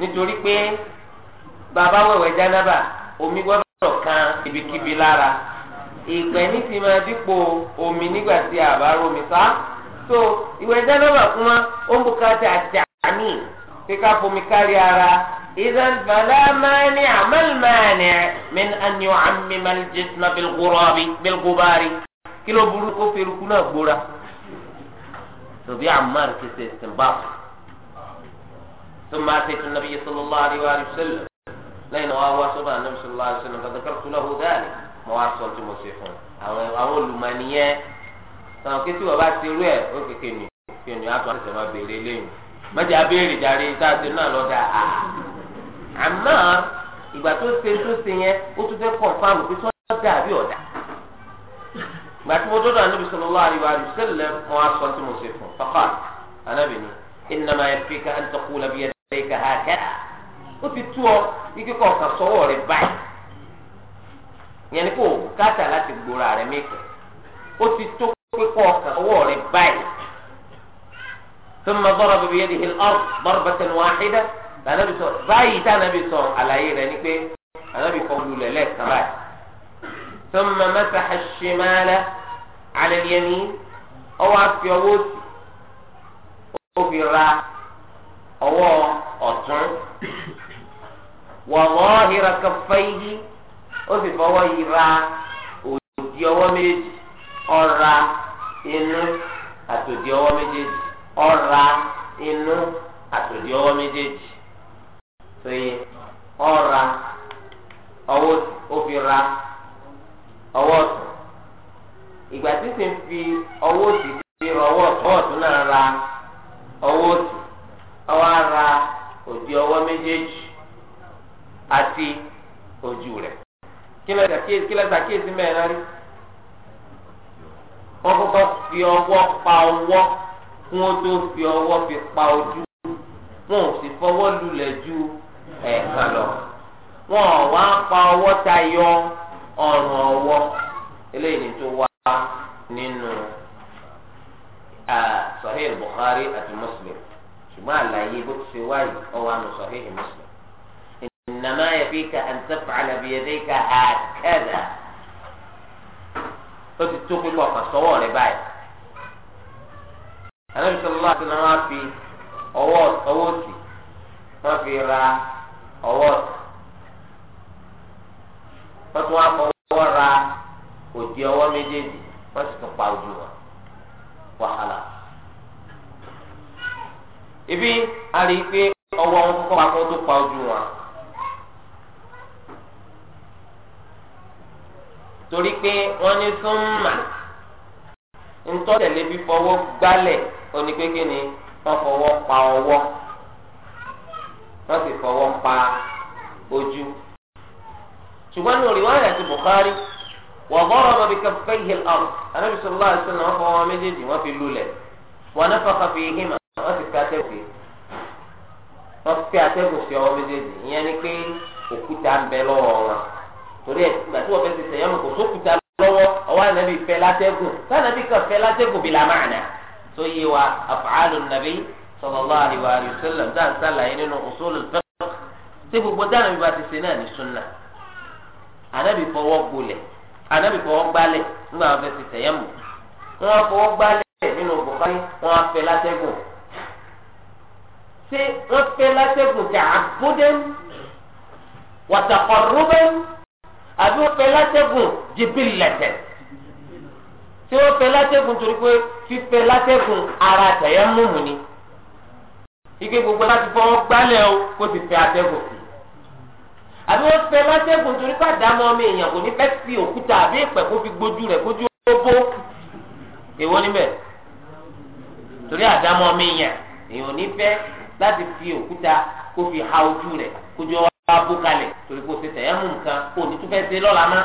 nítorí pé bàbá wẹ̀wẹ̀ jànàbà omi gbọ́dọ̀ kan ibikíbi lára ìgbẹ́ ní ti máa dípò omi nígbà tí a bá romi sá so ìwẹ̀ jẹ́nẹ́bà fún wa ó ń bùkátà àjàní kíkà fomi kárí ara ìdán fàlà mání àmàlmání min an yu'ammima al-jisma bil-ghubari kí ló burú kó ferukú náà gbóra tòbí àmàr kí ṣe ìsìnbáfù tó máa ṣe tún nàbíyí sallallahu alayhi wa sallam lẹ́yìn náà wá wá sọ́dọ̀ àná sallallahu alayhi wa sallam fàdàkàtúlọ̀ hù dáàlì mo wá sọ tí mo ṣe fún àwọn àwọn olùmọ̀nìyẹn sọ̀rọ̀ kí tí wọ́n bá ti rú ẹ̀ ó kéke nì kí ni àtúntò àti ìṣẹ̀mọ̀ béèrè lẹ́yìn mẹ́jọ abéèrè darí sáàtì náà lọ da a àmọ́ ìgbà tó ṣe tó ṣe yẹn ó tún fẹ́ kọ̀ǹfàmù pé sọ́ọ́ dà bí ọ̀dà ìgbà tí mo dọ́dọ̀ ànábì sallallahu alaihi wa sallam mo wá sọ tí mo ṣe fún faqal ànábì ni yẹn ni kò bùkátà láti gbòòrò rẹ mẹkẹ ó ti tó pípọ̀ ọkàn ọwọ́ rẹ báyìí ثم ضرب بيده الأرض ضربة واحدة lànàbì sọ báyìí tá ànàbì sọ àlàyé rẹ ni pé ànàbì kọ lulẹ̀ lẹ́ẹ̀kan báyìí ثم مسح الشمال على اليمين ọwọ́ àfi ọwọ́ òsì ó fi ra ọwọ́ ọ̀tún wa ظاهر كفيه ó sì fọwọ́ yìí ra òdì ọwọ́ méjèèjì ọ̀ra inú àtòdì ọwọ́ méjèèjì ọ̀ra inú àtòdì ọwọ́ méjèèjì tóye ọ̀ra ọwọ́ ó fi ra ọwọ́ ọ̀tún ìgbà tí sì ń fi ọwọ́ òsì fi ọwọ́ ọ̀tún náà ra ọwọ́ òsì ọwọ́ ara òdì ọwọ́ méjèèjì àti ojú rẹ̀. Kila sàkíyèsí kila sàkíyèsí mẹ́rin náà rí wọ́n kọ́kọ́ fi ọwọ́ pa ọwọ́ kí wọ́n tó fi ọwọ́ fi pa ojú wọn ò sì fọwọ́ lulẹ̀ ju ẹ̀ẹ̀kan lọ wọn ò wá pa ọwọ́ tayọ ọrùn ọwọ́ eléyìí tó wá nínú ah, Sahih Bukhari àti Muslim ṣùgbọ́n àlàyé bó ti ṣe wáyé ọwọ́ àná Sahih Muslim. إنما يكفيك أن تفعل بيديك هكذا ó ti tó pípọ̀ kan sọ́wọ́ rẹ báyìí Ànábì sallallahu alaihi wasallam wọ́n fi ọwọ́ ọwọ́ òsì wọ́n fi ra ọwọ́ òsì wọ́n tún wá fọwọ́ ra òdi ọwọ́ méjèèjì wọ́n sì tún pa ojú wọn wàhálà. ibi a rí i pé ọwọ́ wọn kọ́kọ́ pa kó tó pa ojú wọn. torí pé wọ́n ní súnmà ntọ́tẹ̀lé fífọwọ́ gbálẹ̀ oníkéke ni wọ́n fọwọ́ pa ọwọ́ wọ́n sì fọwọ́ pa ojú. ṣùgbọ́n ní orí wáyà ti Bukhari wọ́n bọ́rọ̀ bọ́ bí kẹfẹ́ ìhìl ọ̀rọ̀ anábì sọ̀rọ̀ láti sọ̀rọ̀ wọ́n fọwọ́ méjèèjì wọ́n fi lulẹ̀ wọ́n náà fọkàn torí ẹ gbà tí wọn fẹẹ ti sẹyìn ọmọ kò sókùtà lọ́wọ́ ọwọ́ ànábì fẹ látẹgùn sànàbì kan fẹ látẹgùn bìlà máàna tó yé wa àfààlù nàbí sallallahu alaihi wa sallam dáńtà láyé nínú usulul fiqh tí gbogbo dáhùn ìbá ti ṣe náà ní sunna ànábì fọwọ́ gbolẹ̀ ànábì fọwọ́ gbálẹ̀ nígbà wọn fẹẹ ti sẹyìn mọ wọn fọwọ́ gbálẹ̀ nínú bùkárí wọn fẹ látẹgùn ṣé wọn fẹ látẹgùn tẹ àbúdẹ wàtàkọrúbẹ àbí wọ́n fẹ́ látẹ́gùn jìbìlì lẹ̀tẹ̀ tí wọ́n fẹ́ látẹ́gùn torí pé fífẹ́ látẹ́gùn ara àtẹ̀yẹ múmu ni ike gbogbo láti fọwọ́ gbálẹ̀ o kó ti fẹ́ atẹ́gùn sí àbí wọ́n fẹ́ látẹ́gùn torí pé àdámọ́ ọmọ èèyàn kò ní fẹ́ fi òkúta àbí ìpẹ́ kó fi gbójú rẹ̀ kójú ó èwo níbẹ̀ torí àdámọ́ ọmọ èèyàn èèyàn ò ní fẹ́ láti fi òkúta kó fi ha ojú rẹ̀ kójú ọ kábó kalẹ̀ torí kò ṣe tẹ̀yẹ́mù nǹkan kò ní tún fẹ́ ṣe lọ́la ná.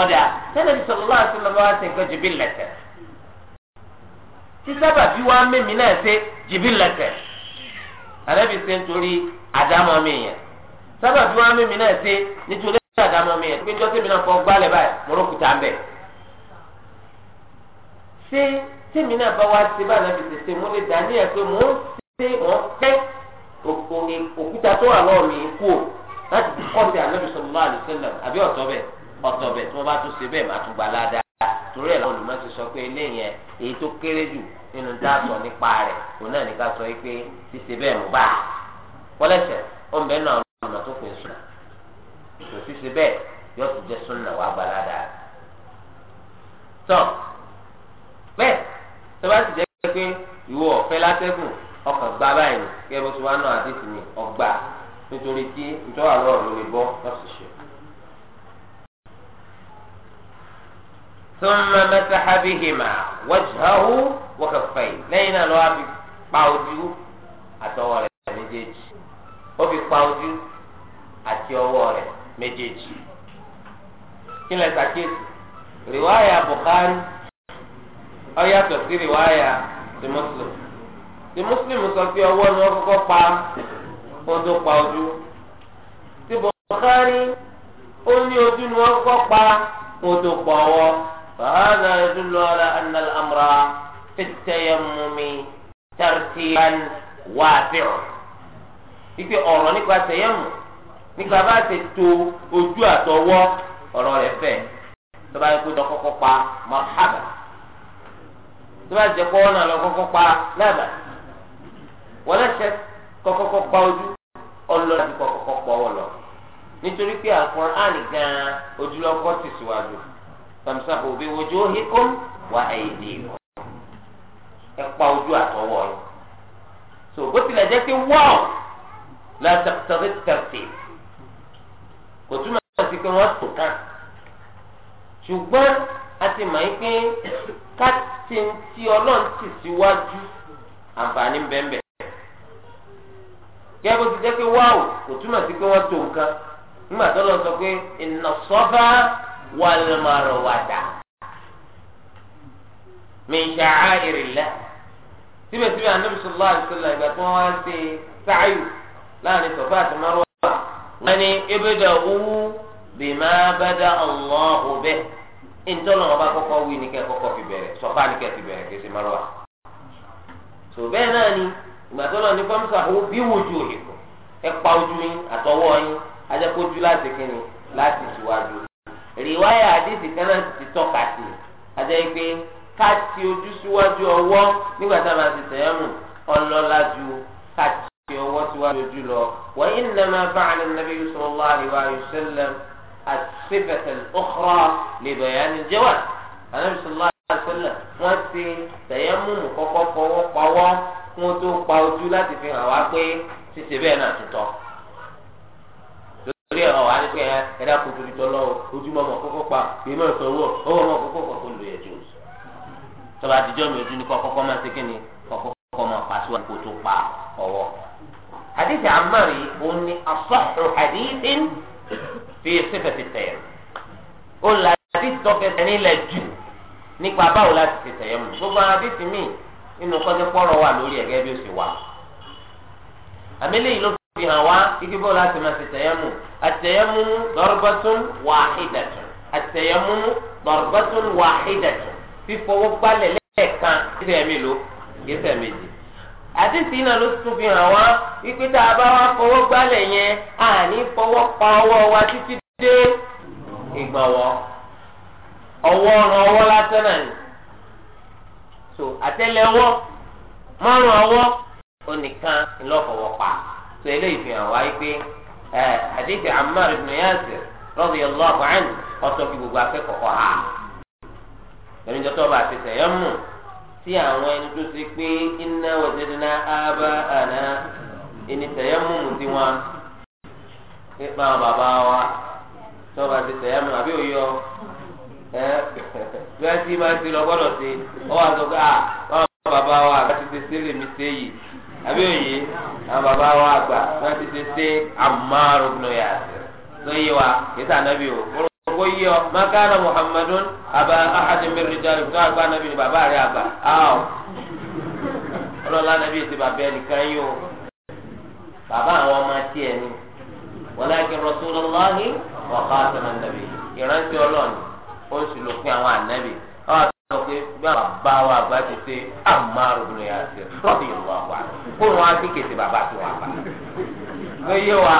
ọ̀dà sẹ́nẹ̀tì sọ̀rọ̀lá àti lọ́ba wa ṣe nǹkan jìbí lẹ̀tẹ̀. tí sábà bí wàá mímí náà ṣe jìbí lẹ̀tẹ̀. àrẹ́bí ṣe nítorí àdámọ́ mi yẹn. sábà bí wàá mímí náà ṣe nítorí àdámọ́ mi yẹn. pé jọ́sẹ̀ mi náà fọ́ gbálẹ̀ báyìí mo rókùtà ń bẹ̀. ṣé tèmi náà bá wá ṣe bá àrẹ́bí ṣe ṣe mo lè dá ní ẹ̀ pé ṣe òkúta tó wà lọ́ọ̀mì kú ò láti fi kọ́ sí ànábì sallallahu alaihi wasallam àbí ọ̀tọ̀ bẹ̀ ọ̀tọ̀ bẹ̀ tí wọ́n bá tún ṣe bẹ́ẹ̀ máa tún gba ládàá torí ẹ̀ lọ́wọ́ olùmọ̀ọ́sí sọ pé eléyìí ẹ̀ èyí tó kéré jù nínú dáàtọ̀ nípa rẹ̀ òun náà ní ká sọ pé ṣíṣe bẹ́ẹ̀ mú bá a wọ́lẹ́sẹ̀ ó ń bẹ́ẹ̀ náà ọ̀nà tó pè sùn kò ṣíṣe bẹ́ẹ̀ yóò tún jẹ́ súnà wàá gba ládàá rẹ̀. tán bẹ́ẹ̀ tó ọkàn gba báyìí kí ẹbí tiwa náà àti tìmí ọgbà nítorí tí nítorí àlọ́ ọ̀rọ̀ lè bọ́ lọ́sì ṣe. sọ́nmà mẹ́tàhá bí hìmà wajhahu lẹ́yìn náà lọ́wọ́ fi pa ojú àtọwọ́ rẹ̀ méjèèjì ó fi pa ojú àti ọwọ́ rẹ̀ méjèèjì. kí sàkíyèsí rìwáyà yàtọ̀ sí tí mùsùlùmí sọ pé ọwọ́ ni wọ́n kọ́kọ́ pa wọ́n tó pa ojú tí bọ̀kárí ó ní ojú ni wọ́n kọ́kọ́ pa wọ́n tó pa ọwọ́ fàhádà ìdúlọ́ ọ̀la anal amra fìtẹ́yẹmùmí tartiban wàásìrò ipe ọ̀rọ̀ nípa tẹ̀yẹ̀mù nípa bá ti to ojú àtọwọ́ ọ̀rọ̀ rẹ̀ fẹ̀ tọ́ba yẹ kó lọ kọ́kọ́ pa mahaba tọ́ba jẹ́ kọ́ náà lọ kọ́kọ́ pa lábàá wọ́n lẹ́sẹ̀ kọ́kọ́kọ́ pa ojú ọlọ́lá ti kọ́kọ́kọ́ pọ̀ wọ̀ lọ. nítorí pé Al-Qur'ani gan-an ojúlọ́kọ́ ti síwájú tàmísàbò bí wojú ohikom wà èdè wọn. ẹ pa ojú àtọwọ́ yìí. so bó tilẹ̀ jẹ́ pé wọ́ọ̀ la tẹ̀tẹ̀rẹ̀ tẹ̀tẹ̀ kò túmọ̀ sí pé wọ́n tó kàn. ṣùgbọ́n a ti mọ̀ pé ká ti ti ọlọ́run ti síwájú àǹfààní bẹ́ẹ̀ bẹ́ẹ̀ kẹ́ẹ́ bó ti jẹ́ pé wáwò kò túmọ̀ sí pé wọ́n tó nǹkan nígbà tó lọ sọ pé inna safa wal marwata min sha'airillah síbẹ̀síbẹ̀ anabi sallallahu alaihi wasallam ìgbà tí wọ́n wá ṣe sáàyù láàrin sọ̀fà àti márùwà wọ́n ní ibùdó owó bima bada Allahu bihi ìtọ́nà ọba kọ́kọ́ wí ní kọ́kọ́ fi bẹ̀rẹ̀ sọ̀fà fi bẹ̀rẹ̀ kí ìgbàsọ́nà ní kọ́mísà ó bí wojú òyìnbó ẹ pa ojú yín àtọwọ́ yín ajẹ́kọ́jú láti kíni láti síwájú. rìwáyà àdìsí kan náà ti tọ́ka sí i ajẹ́ pé ká ti ojú síwájú ọwọ́ nígbà tá a máa ti tẹ̀yẹ́mù ọlọ́lá ju ká ọwọ́ síwájú ojú lọ. wa innama fa'ala an-nabiy sallallahu alayhi wa sallam as-sifata al-ukhra li bayan al-jawaz àtúnlẹ̀ wọ́n ti tẹ̀yẹ́mùmù kọ́kọ́ fọwọ́ pawọ́ kí wọ́n tó pa ojú láti fi hàn wá pé ṣíṣe bẹ́ẹ̀ náà ti tọ́. lórí ẹ̀rọ wa ni pé ẹ̀dá kò tóbi tọ́ lọ́wọ́ ojúmọ́ ọmọ kọ́kọ́ pa èyí máa sọ owó ọwọ́ ọmọ kọ́kọ́ pọ̀ kó lè jù. tọ́ba àtijọ́ mi ojú ni kọ́kọ́ máa ṣe kíni kọ́kọ́ máa pa síwájú kó tó pa ọwọ́. àdìsí àmọ́rì òun ni asọ́hù àdìsí fi ṣẹ́fẹ̀ẹ́ ti tẹ̀ nípa báwo láti ṣe tẹ̀yẹ̀ mú gbogbo àwọn àdìsí mi nínú kọ́jọ́ pọ́rọ̀ wà lórí ẹ̀gẹ́ bí ó ṣe wà. àmìlẹ̀ yìí ló fi hàn wá igi bó láti máa ṣe tẹ̀yẹ̀ mú àtẹ̀yẹ̀ mú darbatun wahidatun àtẹ̀yẹ̀ mú darbatun wahidatun fífọwọ́ gbálẹ̀ lẹ́ẹ̀kan ìfẹ́ mi ló ìfẹ́ méjì. àdìsí náà ló tún fi hàn wá wípé tá a bá wá fọwọ́ gbálẹ̀ yẹn àní fọwọ́ pa ọwọ́ wa títí dé ìgbọ̀nwọ́. ọwọ́ ọ̀ràn ọwọ́ lásán náà ni so àtẹ́lẹwọ́ márùn ọwọ́ onìkan ńlọfọwọ́ so eléyìí fi hàn wáyé pé ẹ ya Ammar ibn Yasir allah anhu ọ̀sọ́ fi gbogbo akẹ́kọ̀ọ́ kọ́ ha ẹni tó àti tí àwọn ẹni tó pé ẹni ti bàbá wa àti àbí òye ọ. bí wọ́n ti máa ń ti lọ gbọ́dọ̀ ṣe ọwọ́ àtọ́gbà àwọn bàbá wa àgbà ti ṣe ṣe lè mi ṣe yìí àbí òye àwọn bàbá wa àgbà wọ́n ti ṣe ṣe àmàrò nù yà tó yé wa kìí sàn nábì o. Gbogbo yí ọ, Makana Muhammadun, Aba Ahadi Miri Jari, fún àgbà nábì ni bàbá rẹ̀ àgbà. Aw, ọlọ́lá nábì ti bàbá ẹnìkan yìí o. Bàbá àwọn ọmọ tiẹ̀ ni. Walakin Rasulullahi wa khataman nabi. Ìrántí ọlọ́ọ̀ni ó sì lò pé àwọn ànábì ọ sọ pé bí àwọn bá wa bá ti ṣe àmàrò ní àti rọ́bì ìwà wa kó wọn á sì kéde bàbá tó wà bá ló yé wa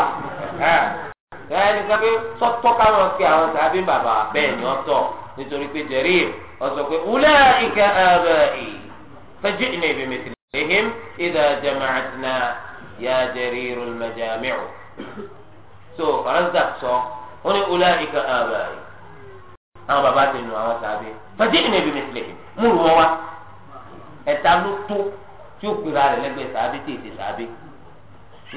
ẹni sábẹ́ sọ́tọ́ káwọn pe àwọn sábẹ́ bàbá bẹ́ẹ̀ ni wọ́n tọ̀ nítorí pé jẹ̀rí ọ sọ pé wúlẹ̀ ìkẹ́ ẹ̀rọ ì fẹ́jì ní mi ti lè him ìdá jama'atina ya jẹ̀rí irun mẹjàmíù. so ọ̀rọ̀ sọ ó ní wúlẹ̀ ìkẹ́ ẹ̀rọ ì àwọn bàbá ti nù àwọn sàbẹ fàjẹ ìnà ibi mẹsìlẹ mú lù wọn wá ẹta ló tó tí ó pera rẹ lẹ́gbẹ̀ẹ́ sàbẹ tí èsì sàbẹ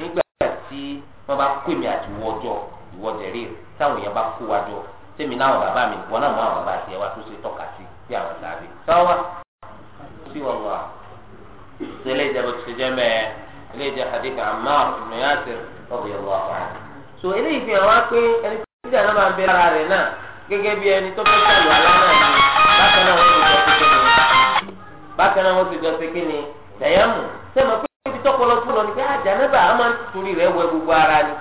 nígbà tí wọn bá kó èmi àti wọjọ ìwọjẹ rí táwọn èèyàn bá kó wa jọ sẹmi náà àwọn bàbá mi wọn náà mú àwọn bàbá tiẹ̀ wá tó ṣe tọ́ka sí sí àwọn sàbẹ sáwà sí wọn wà sẹlẹ ìjẹbù ti jẹ mẹ ilé ìjẹ hadith Ammar ibn Yasir radiyallahu anhu so eléyìí fi hàn pé ẹni tí gẹ́gẹ́ bí ẹni tó fẹ́ sàlù aláǹdà ni bákan náà wọ́n ti jọ sí kíni bákan náà wọ́n ti jọ sí kíni tẹ̀yẹ́mù sẹ́mi pé ibi tọ́kọ lọ fún lọ ni pé àjànàbà ah, á máa ń torí rẹ̀ wẹ gbogbo ara ni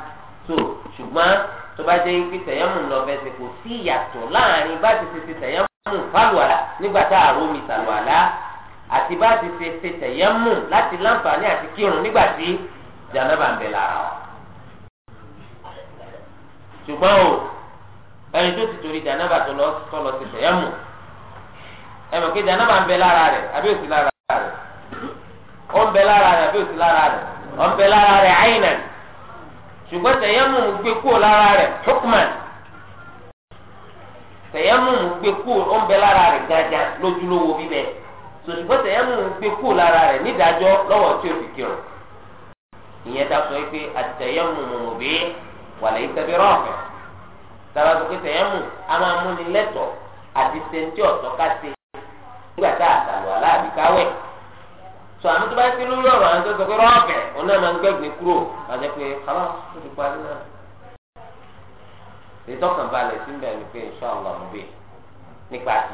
tó ṣùgbọ́n tó bá jẹ́ pé tẹ̀yẹ́mù lọ fẹ́ ṣe kò sí ìyàtọ̀ láàrin bá ti ṣe ṣe tẹ̀yẹ́mù fálùwàlá nígbà tá àrò mi sàlùwàlá àti bá ti ṣe ṣe tẹ̀yẹ́mù láti láǹfààní àti kírun nígbà tí jànàbà ń bẹ lára wa ṣùgbọ́n o ẹni tó ti torí janaba tó lọ tọlọ ti tẹ̀yẹ́ mù ẹ mọ̀ pé re ń bẹ lára rẹ̀ àbí òsì lára rẹ̀ ó ń bẹ lára rẹ̀ àbí òsì lára rẹ̀ ó ń bẹ lára rẹ̀ àyìnà ṣùgbọ́n tẹ̀yẹ́ mù gbé kúrò lára rẹ̀ hukman tẹ̀yẹ́ mù gbé kúrò ó ń bẹ lára rẹ̀ gàdá lójúlówó ṣùgbọ́n gbé kúrò lára nídàájọ́ lọ́wọ́ tí o kírun ìyẹn ta sọ pé bí ìtẹ̀bí tàbá sọ pé a máa mú ni lẹ́tọ̀ àti sẹ́ńtì ọ̀tọ̀ ká ṣe nígbà tá a sàlù aláàbí káwẹ̀. sọ àmì tó bá ti lórí ọ̀rọ̀ àwọn tó sọ pé rọ́ọ̀fẹ̀ òun náà máa ń gbẹ̀gbẹ̀ kúrò àti pé kálá ó ti parí náà. ìtọ́kàn balẹ̀ sí bẹ́ẹ̀ ni pé insha Allah mo bè nípa ti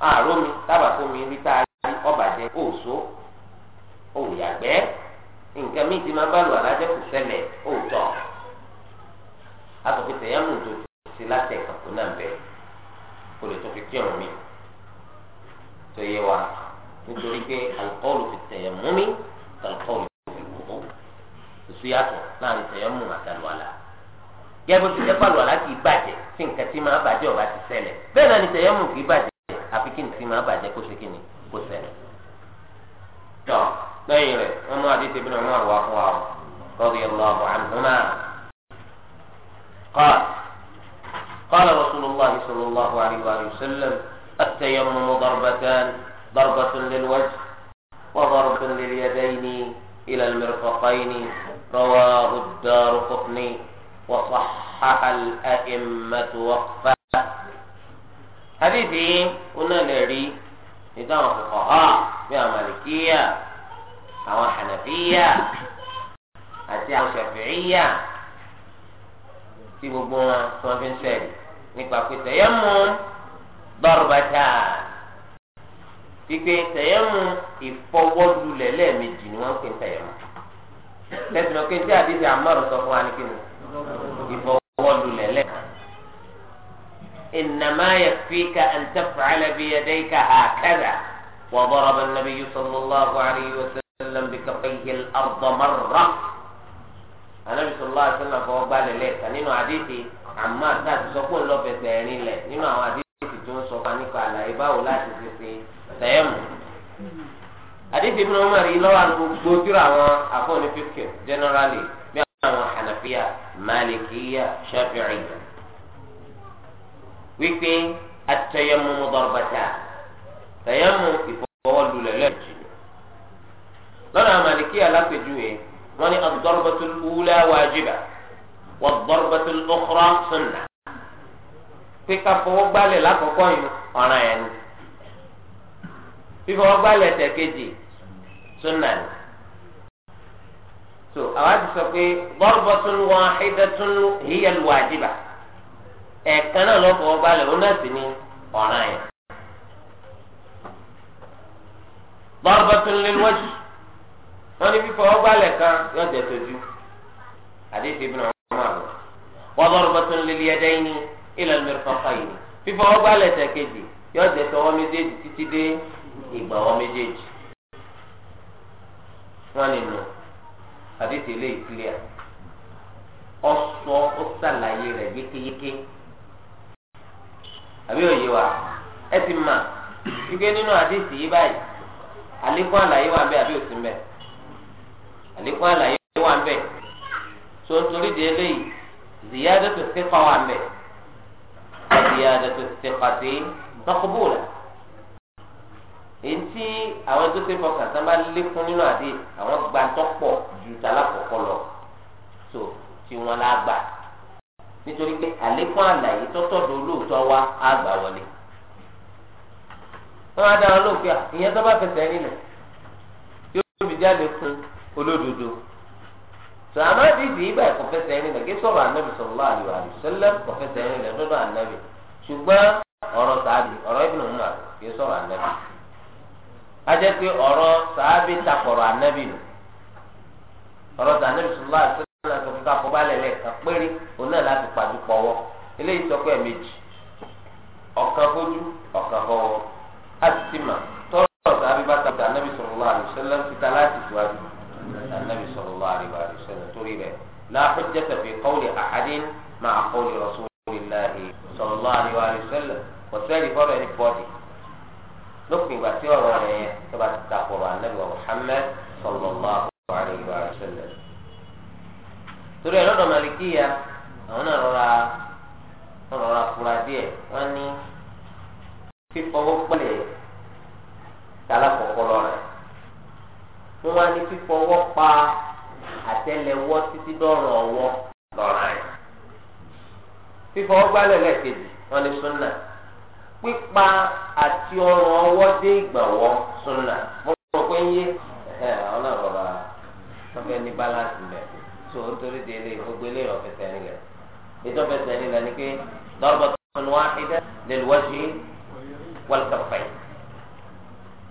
àrómi tábàtómi rí tá a rí ọ̀bàjẹ́ òòso òòyàgbẹ́ nǹkan míì ti máa bá lò àlájẹ́ kò ṣẹlẹ̀ òòtọ́ àtọ̀pẹ̀tẹ̀ yẹn mú un tó ti láti ẹ̀kan tó náà bẹ̀ kó lè tó fi kí ọ̀run mi tó yé wa nítorí pé alukọ́ọ̀lù fi tẹ̀yẹ̀ mú mi alukọ́ọ̀lù fi wò ó òsú yàtọ̀ láàrin tẹ̀yẹ̀ mú àtàlù àlà yẹ bó ti jẹ́ pàlù àlá kì í bàjẹ́ tí nǹkan tí máa bàjẹ́ ọ̀bá ti ṣẹlẹ̀ bẹ́ẹ̀ náà ni tẹ̀yẹ̀ mú kì í bàjẹ́ àfi kí nǹkan máa bàjẹ́ kó ṣe kí ni kó ṣẹlẹ̀. tọ́ lẹ́yìn rẹ̀ wọ́n mú àdìsí ibn Umar wá fún wa radiyallahu anhuma. قال قال رسول الله صلى الله عليه وآله وسلم التيمم ضربتان ضربة للوجه وضرب لليدين إلى المرفقين رواه الدار قطني وصحح الأئمة وقفه ti yín ọ̀nà lè rí nígbà wọn kọ̀kọ̀ hà bí àwọn màlìkíyà àwọn hànàfíyà àti àwọn ṣàfíìyà tí gbogbo wọn tí wọn fi ń sẹ́ẹ̀lì nípa pé tẹ̀yẹ́mú dọ́rọ̀bàtà pípé tẹ̀yẹ́mú ìfọwọ́lulẹ̀ lẹ́ẹ̀mejì ni wọ́n ń pè tẹ̀yẹ́mú lẹ́sìn ọ̀kẹ́ tí àdéhùn àmọ́ràn sọ fún wa ní kíni ìfọwọ́lulẹ̀ lẹ́ẹ̀kan. إنما يكفيك أن تفعل بيديك هكذا وضرب النبي صلى الله عليه وسلم بكفيه الأرض مرة النبي صلى الله عليه وسلم فهو بالي ليس نينو حديثي عما تاس سكون لو في سيرين لي نينو حديثي تون سوكاني قال إباو لا تسيسي تيمم حديث ابن عمر لو أن تجرى أخوني فكر جنرالي، بأن حنفية مالكية شافعية wípé atẹyẹmú mọdọrọbàtà tẹyẹmú ìfọwọ́lulẹ̀ lẹ́ẹ̀jì lọ́nà àmàlìkí alápèjúwe wọ́n ní ad-darbatul ula wajiba wad-darbatul ukhra sunna pé ká fọwọ́ gbálẹ̀ lákọ̀ọ́kọ́ yìí ọ̀ràn yẹn ni fífọwọ́ gbálẹ̀ sunna ni so àwa ti sọ pé darbatun wahidatun hiya al-wajiba ẹ̀ẹ̀kan náà lọ́fọwọ́ balẹ̀ ó náà sì ní ọ̀ràn yẹn. darbatun lil wajh wọ́n ní fífọwọ́ balẹ̀ kan yóò jẹ́ tójú àdéhùn ibn Umar wa darbatun lil yadayni ila al mirfaqayni fífọwọ́ balẹ̀ tẹ̀kejì yóò jẹ́ tọwọ́ méjèèjì títí dé ìgbàwọ́ méjèèjì wọ́n nínú àdéhùn ilé ìkílẹ̀ ọ̀sọ́ àbí òye wa ẹ ti mà wípé nínú àdéhìsì yìí báyìí àlékún àlàyé wà bẹ́ẹ̀ àbí òsì bẹ́ẹ̀ àlékún àlàyé wà bẹ́ẹ̀ tó ń torí di eléyìí ziyadatu thiqa wà bẹ́ẹ̀ ziyadatu thiqati maqbula èyí tí àwọn tó ṣe fọkàn tán bá lékún nínú àdéhìsì àwọn gbàtọ́ pọ̀ ju tàlàkọ̀kọ̀ lọ tó tí wọ́n lá gbà nítorí pé àlékún àlàyé tọ́tọ̀dọ̀ olóòótọ́ wa á gbà wọlé wọ́n á dára lóòótọ́ à ìyẹn tó bá fẹsẹ̀ nílẹ̀ yóò fi jáde fún olódodo tó a máa dìbò ìgbà ẹ̀kọ́ fẹsẹ̀ nílẹ̀ kí sọ̀rọ̀ ànábì sallallahu alaihi wasallam kọ́ fẹsẹ̀ nílẹ̀ lọ́dọ̀ ànábì ṣùgbọ́n ọ̀rọ̀ sàábì ọ̀rọ̀ Ibn Umar kì í sọ̀rọ̀ ànábì ajẹ́ pé ọ̀rọ̀ sàábì takọ̀rọ̀ ànábì nù ọ̀rọ̀ sàábì sallallahu náà sọ fún kakọ balẹ̀ lẹ́ẹ̀kan péré òun náà láti pàdé pọ̀wọ́ eléyìí sọ pé ẹ̀mejì ọ̀kan fojú ọ̀kan fọwọ́ a sì ti mà tọ́lọ̀ tàbí bá tàbí ànábì sallallahu alaihi wasallam títa láti síwájú ànábì sallallahu alaihi wasallam torí rẹ̀ la hujjata fi qawli ahadin ma'a qawli rasulillahi sallallahu alaihi wasallam kò sẹ́ẹ̀lì fọ́rọ̀ ẹni pọ́ọ̀dì lópin ìgbà tí torí ẹ lọ́dọ̀ màlìkíyà àwọn náà rọra rọra fura díẹ̀ wọ́n ní fífọwọ́ pẹ̀lẹ́ tala kọ̀kọ́ lọ́rẹ̀ wọ́n wá ní fífọwọ́ pa àtẹ́lẹwọ́ títí dọ́rọ̀ ọwọ́ lọ́rẹ̀ yẹn fífọwọ́ gbálẹ̀ lẹ́ẹ̀kejì wọ́n ní súnà pípa àti ọrùn ọwọ́ dé ìgbàwọ́ súnà mo rò pé ń yé ọlọ́run ọba wọ́n fẹ́ ní báláǹsì mẹ́ tó nítorí délé gbogbo ilé ìrọ̀ fẹsẹ̀ nílẹ̀ ìtọ́ fẹsẹ̀ nílẹ̀ ni pé dọ́rọ̀bọ̀ tuntun wá ìdá lẹ́lùwájú wọlùkàfẹ́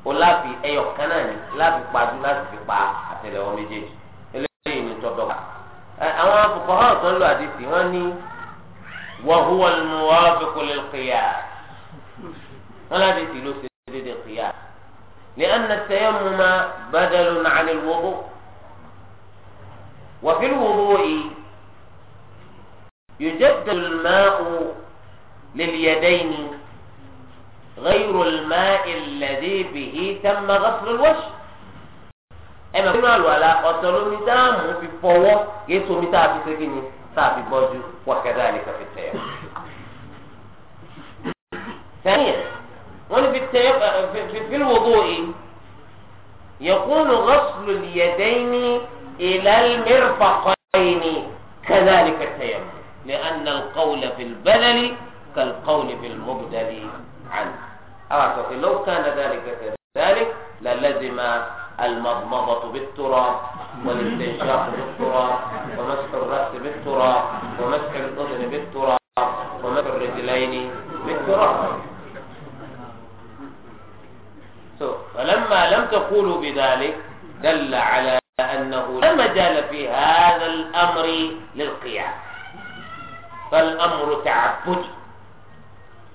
o láàbì ẹyọ kan náà ni láàbì pàdú láti fi pa àtẹ́lẹwọ́ méjèèjì eléyìí ni tọ́dọ̀ wa. àwọn akọkọ hàn tó ń lo àdìsí wọn ní wọ́húwọ́n mu wọ́n fi kó lè kéya wọn láti ti ló ṣe déédéé kéya. لأن التيمم بدل عن الوضوء وفي الوضوء يجدد الماء لليدين غير الماء الذي به تم غسل الوجه ẹmọ nínú àlùwàlá ọ̀sẹ̀ lómi tá a mú fi fọwọ́ kìí sómi tá a fi ṣe fi kàfi tẹ̀ ẹ́. ثانيا وأنا في في في الوضوء يكون غسل اليدين إلى المرفقين كذلك التيمم لأن القول في البلل كالقول في المبدل عنه أعتقد لو كان ذلك كذلك للزم المضمضة بالتراب والاستنشاق بالتراب ومسح الرأس بالتراب ومسح الأذن بالتراب ومسح الرجلين بالتراب فلما لم تقولوا بذلك دل على الأمر للقيام فالأمر تعبدي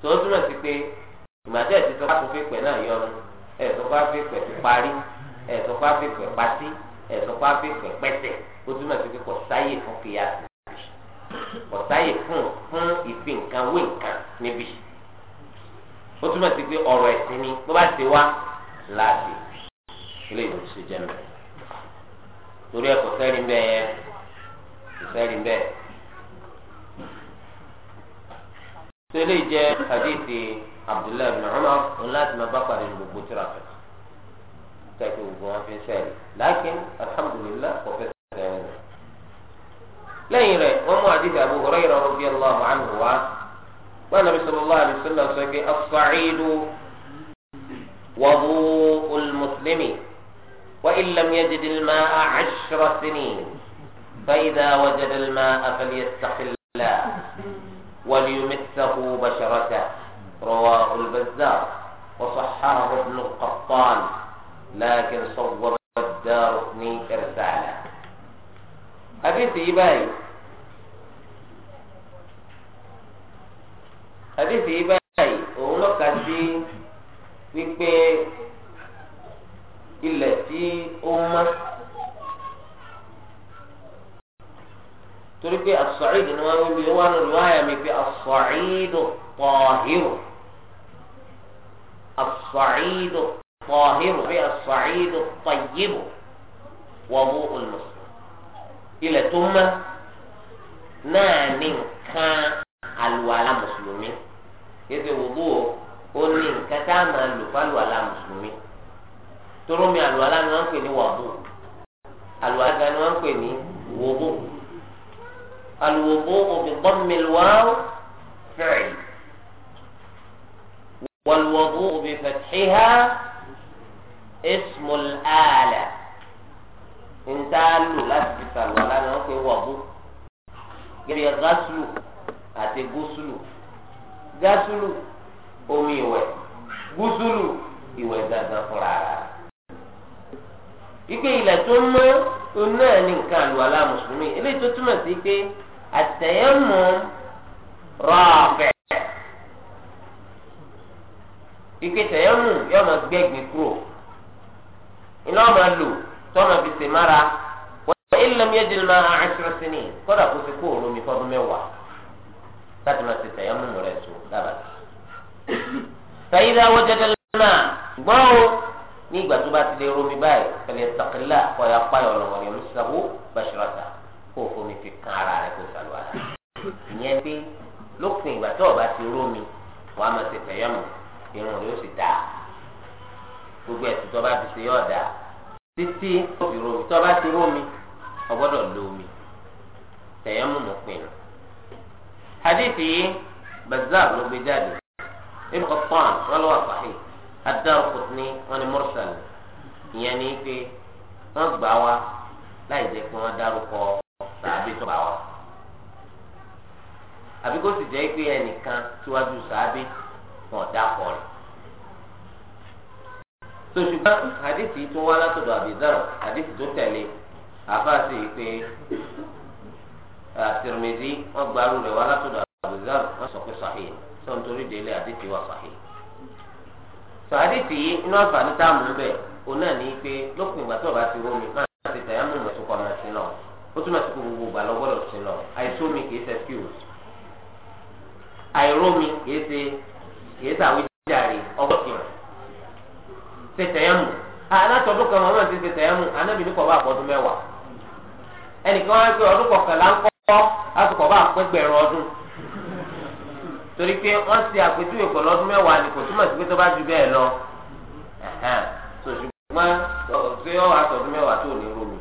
tòótúmọ̀ sí pé ìgbàdé ti sọ fún fífẹ́ náà yọnu ẹ̀ sọ fún fífẹ́ ti parí ẹ̀ sọ fún fífẹ́ patí ẹ̀ sọ fún fífẹ́ pẹ́sẹ̀ ó túmọ̀ sí pé kò sáyè fún kìyàsí kò sáyè fún fún ìfi nǹkan wé nǹkan níbí ó túmọ̀ sí pé ọ̀rọ̀ ẹ̀sìn ni tó bá ti wá láti ilé ìwòsàn jẹ́ mẹ́rin torí ẹ̀kọ́ sẹ́rin bẹ́ẹ̀ yẹn ìfẹ́ rí bẹ́ẹ̀. sẹ́lẹ̀ jẹ́ hadithi abdullahi bin umar òun láti máa bá parí gbogbo tíra fẹ́ tẹ́kí gbogbo wọn fi ń sẹ́yìn lákin alhamdulilah kò fẹ́ sẹ́yìn rẹ̀. lẹ́yìn rẹ̀ wọ́n mú hadithi abu hurairah radiyallahu anhu wá wọ́n nàbí sallallahu alaihi wasallam sọ pé as-sa'idu wudu'ul wa in lam yajid al-ma'a sinin. فإذا وجد الماء فليتقي الله وليمسه بشرته رواه البزار وصححه ابن القطان لكن صور الدار إرساله حديث إباي حديث إباي ونقع في في ilẹ̀ إلا ó mọ́ torí pé asọ̀ìdù ni wọ́n wí wọ́n nù lọ́yà mi pé asọ̀ìdù pọ̀hìrù asọ̀ìdù pọ̀hìrù pé asọ̀ìdù pọ̀yìbù wọ́n mú olùsùn ilẹ̀ tó mọ́ náà ní nǹkan àlùwàlà mùsùlùmí yẹ́sẹ̀ wòbú o ó ní nǹkan tá a máa lò fálùwàlà mùsùlùmí toró àlùwàlà ni wọ́n ń pè ní wàbú àlùwàlà ni wọ́n ń pè ní wòbú. الوضوء بضم الواو فعل والوضوء بفتحها اسم الآلة انت قالوا لا تسأل ولا نوكي وضوء gẹ́gẹ́ gásùlù àti gúsùlù gásùlù omi ìwẹ̀ gúsùlù ìwẹ̀ dandan fúnra rẹ̀. ìpè ilẹ̀ tó mọ́ onáà ní nǹkan àlùwàlá mùsùlùmí eléyìí tó túmọ̀ sí pé àtẹ̀yẹ́mù rọ̀ọ̀fẹ̀. ike tẹ̀yẹ́mù yóò máa gbẹ́gbẹ́ kúrò iná máa lò tọ́nà fi sè mára wọ́n ilé mi yẹ́dìrì máa àṣírọ́ sí ni kódà kó ti kó òru mi fọ́dún mẹ́wàá láti máa ti tẹ̀yẹ́mù rẹ̀ tó dábàá. sàyídà wọ́n jẹ́jẹ́ lọ́nà ṣùgbọ́n o ní ti lè romi báyìí kẹlẹ́ sàkílà kọ́ ya pààyàn lọ́wọ́ ni mo ṣàwó kó o fomi kan ara rẹ kó o sàlùwà rẹ ìyẹn pé lópin ìgbà tí ọba ti rómi máa ṣe fẹyọmù irun rẹ sì dáa gbogbo ẹsùn tó bá ṣe yóò dáa títí tó fi rómi tó bá ti rómi o lo omi fẹyọmù mọ pinnu. hadithi ló gbé jáde wọn wọn ni ìyẹn ni pé gbà wá sàábì tó bá wa àbí kó sì jẹ́ pé ẹnìkan síwájú sàábì wọn dákọ̀ rẹ̀ sòṣùgbọ́n àdìsí tó wá látọ̀dọ̀ àbíjáró àdìsí tó tẹ̀lé àfáàsì pé àtìrìmìdì wọn gbàrú rẹ̀ wá látọ̀dọ̀ àbíjáró wọn sọ pé sàhìn tó ń torí délé àdìsí wà sàhìn sàdìsí inú àǹfààní táàmù ń bẹ̀ òun náà ní pé lópin ìgbà tó o bá ti rómi máa ti tẹ̀yà mú ìmọ̀ tó kọ́ ọmọ náà. ó túmọ̀ sí gbogbo gbà lọ́gbọ́dọ̀ sí lọ àìsómi kìí ṣe skills àìrómi kìí ṣe kìí ṣe àwíjàre ọgbọ́n fi hàn ṣe tẹ̀yẹ́mù alátọ̀dún kan wọn ti ṣe tẹ̀yẹ́mù anábì ní kọ̀ọ̀bá àpọ̀dún mẹ́wàá ẹnìkan wọn gbé ọdún kọkànlá ń kọ́ láti kọ̀ọ̀bá àpẹ́gbẹ̀rún ọdún torí pé wọ́n ṣe àpèjúwe pẹ̀lú ọdún mẹ́wàá ni kò túmọ̀ sí pé tó bá ju bẹ́ẹ̀ lọ ṣùgbọ́n ṣé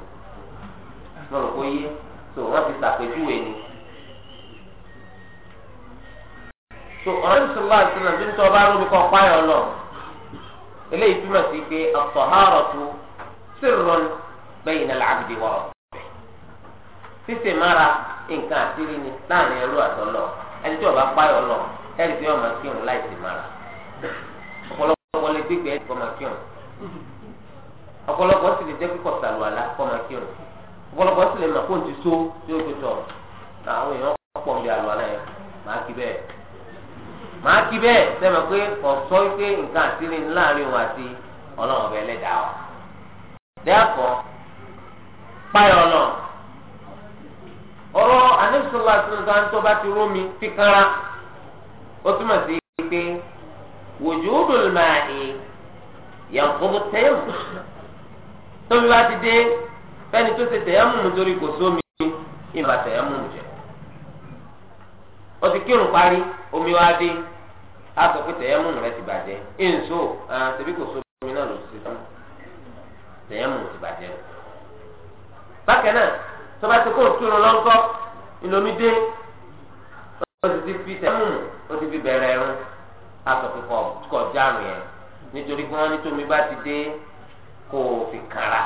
mo rò pé yé so wọ́n ti sàpèjúwe ni. so ọ̀rọ̀ ní sọ́lá àti sọ́lá nítorí ọba arúgbó kan páyọ̀ lọ eléyìí túmọ̀ sí pé at-taharatu sirrun bayna al-abdi wa rabbihi sísè mára nǹkan àtìrí ni láàrin ẹrú àtọ́lọ́ ẹni tí ọba páyọ̀ lọ ẹni tí ọmọ kírun láì sí mára ọ̀pọ̀lọpọ̀ lè gbégbé ẹni tí ọmọ kírun ọ̀pọ̀lọpọ̀ sì lè jẹ́ kíkọ̀ sàlùwàlá kọ́ máa kírun ọ̀pọ̀lọpọ̀ sì lè mọ̀ kó n ti so tí ó ti tọ̀ àwọn èèyàn pọ̀ ń bí àlọ́ náà yẹn màá kí bẹ́ẹ̀ màá kí bẹ́ẹ̀ sẹ́mi pé ọ̀sọ́ pé nǹkan àtìrìn láàrin òun àti ọlọ́run ọ̀bẹ ẹlẹ́dàá wa. dẹ́kọ̀ páyọ̀ náà ọ̀rọ̀ anẹ́sọ̀lá tuntun àtúntò bá ti rómi fíkàrà ó túmọ̀ sí pé wujudul ma'i yanqudu tayammum tóbi bá ti dé fẹ́ni tó ṣe tẹ̀yàmùmù torí kò sómi ìbá tẹ̀yàmùmù jẹ ó ti kírun parí omi wá dé á sọ pé tẹ̀yàmùmù rẹ ti bàjẹ́ ìǹso àtẹ̀bí kò sómi náà ló ti ṣe tán tẹ̀yàmùmù ti bàjẹ́ o bákan náà tó bá ti kó òkúrun lọ́gọ́ ìlómi dé ó ti fi tẹ̀yàmùmù ó ti fi bẹ̀rẹ̀ ẹ̀rún á sọ pé kọ̀ jáàmù yẹn nítorí pé wọ́n ní tómi bá ti dé kó o fi kàrà.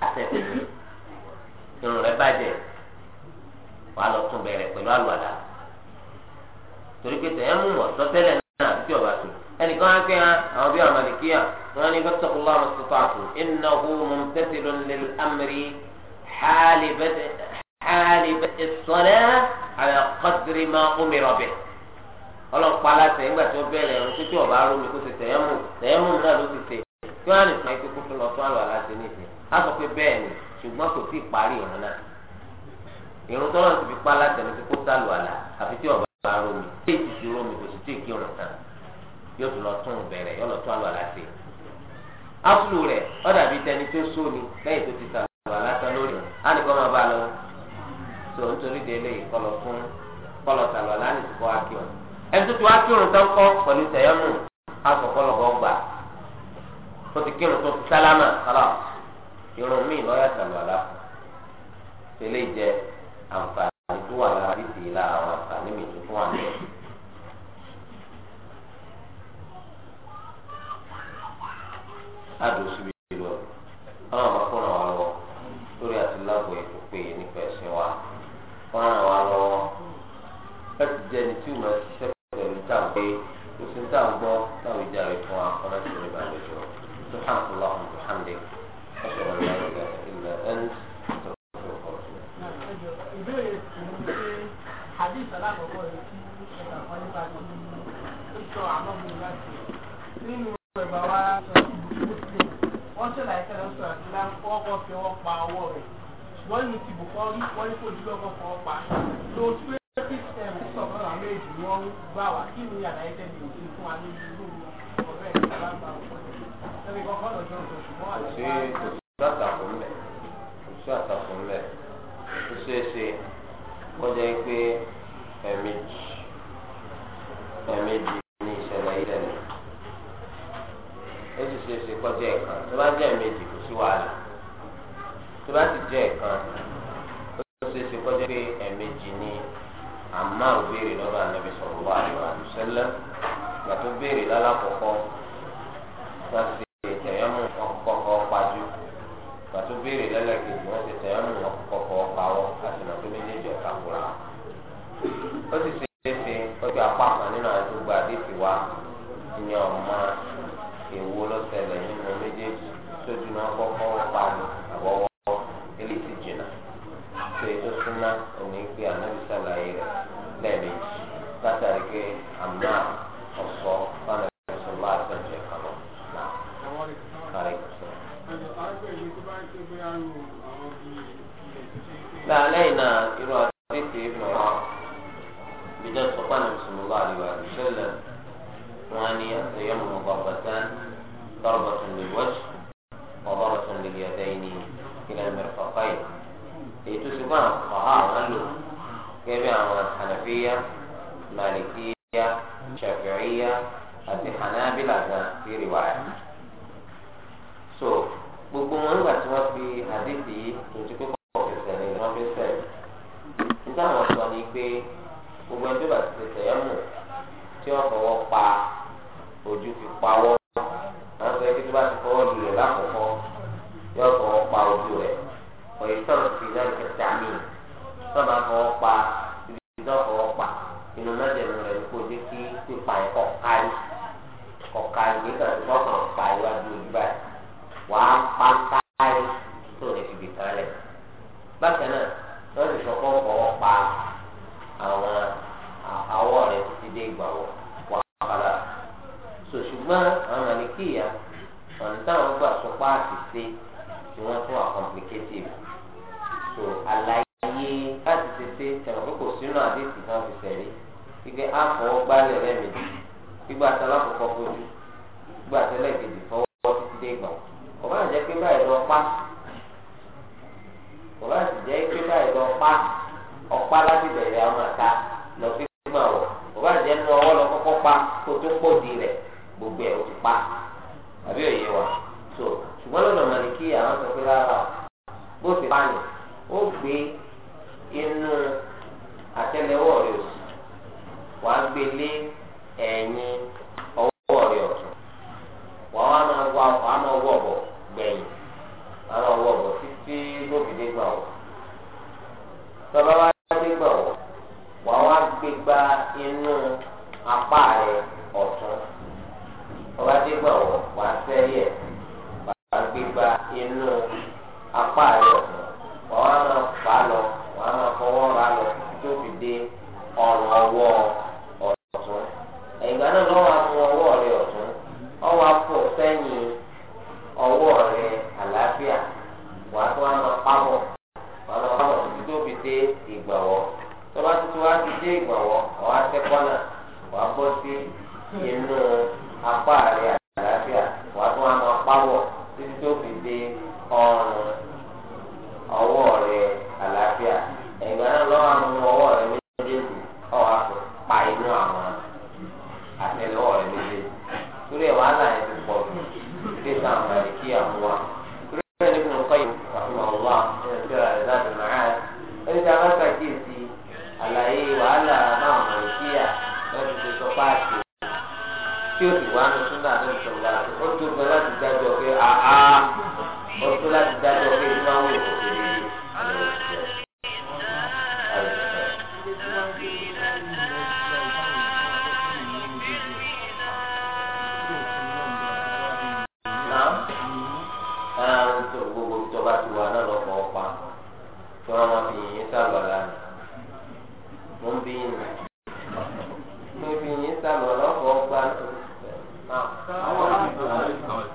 sẹfẹsì irun rẹ bàjẹ́ wàá lọ tún bẹ̀rẹ̀ pẹ̀lú àlùwàlà torí pé tẹ mú náà àti tó á àwọn wọn á sọ pé bẹ́ẹ̀ ni ṣùgbọ́n kò tí ì parí ìrún náà ìrún tọ́lọ́ ti fi pa láti ẹni kó sálù àlà àfi tí ọ̀bá bá romi tí èyí ti romi kò sì tí ì kí irun kan yóò tún lọ tún bẹ̀rẹ̀ yóò lọ tún àlù àlà sí i. áfúlù rẹ̀ ó dàbí tẹni tó sóni lẹ́yìn tó ti sálù àlà tán lórí rẹ̀ á nìkan máa bá a lọ tó nítorí délé ìkọlọ fún kọlọ sálù àlà ní ìsìnkú akíọ̀ ẹni tó ti wá kí irun tán kọ́ pẹ̀lú tẹ̀yọ́mù á sọ kọlọ̀ kọ́ gbà ó ti kí irun irun míì lọ́yà sàlùwàlà tẹ́lẹ̀ jẹ àǹfààní tó wà lára títì lára àwọn àǹfààní mi tuntun wà ní. Adùn síbi lọ, wọ́n àwọn fún àwọn lọ lórí àti lágbo ètò pé nípa ẹ̀sìn wa. Wọ́n ràn wá lọ láti jẹ́ ẹni tí ìmọ̀ ẹ̀sìn ṣẹ́kọ̀ọ́ pẹ̀lú táwọn pé kò táwọn gbọ́. alákọ̀ọ́kọ́ wọ́n ṣẹlẹ̀ ìṣẹ̀lẹ̀ ń sọ̀rọ̀ sílá ọkọ̀ fi ọwọ́ pa ọwọ́ rẹ̀ ṣùgbọ́n ní ti bùkọ́ wọ́n ní kò dúró ọkọ̀ fọwọ́ pa dé ìgbàwọ̀ wàhálà so ṣùgbọ́n àwọn màlìkíyà ọ̀nà táwọn gbà sọ pé àṣìṣe tí wọ́n tún wà complicated so àlàyé láti tètè tẹ̀wọ̀n pé kò sínú àdéhùn náà fi tẹ̀lé wípé àfọwọ́ gbálẹ̀ rẹ̀ mi gbígbà tá a lákòókò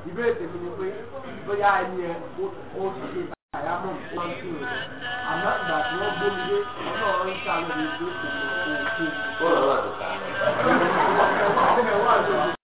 ìbéèrè tèmi ni pé bóyá ẹni ẹ ó ṣe àyámọ̀ nǹkan sí rẹ̀ àmọ́ ìgbà tí wọ́n gbé mi dé ọlọ́run ń sàlọ̀ mi tó kò mọ̀ kó o kó o. ó lọ́wọ́ àti sàlọ̀.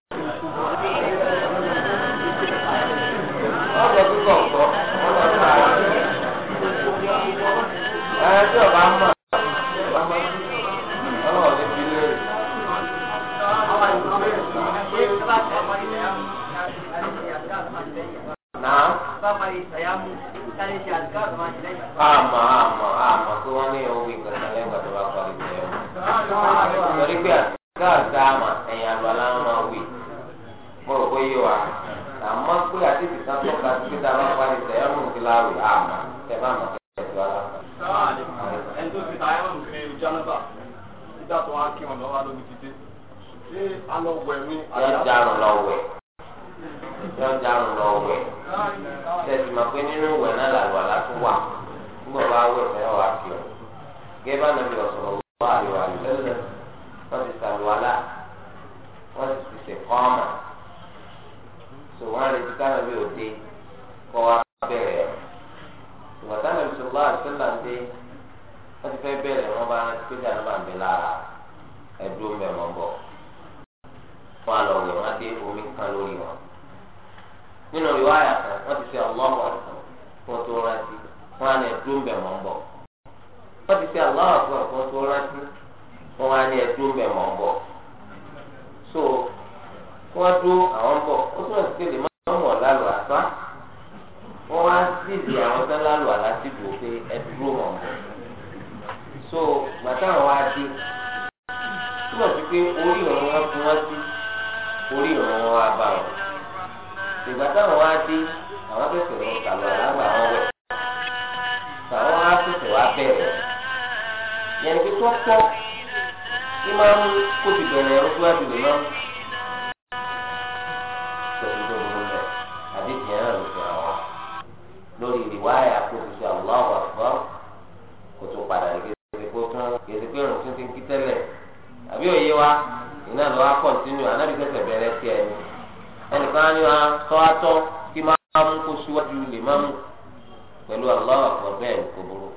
ọ̀rọ̀ bẹ́ẹ̀ kò burú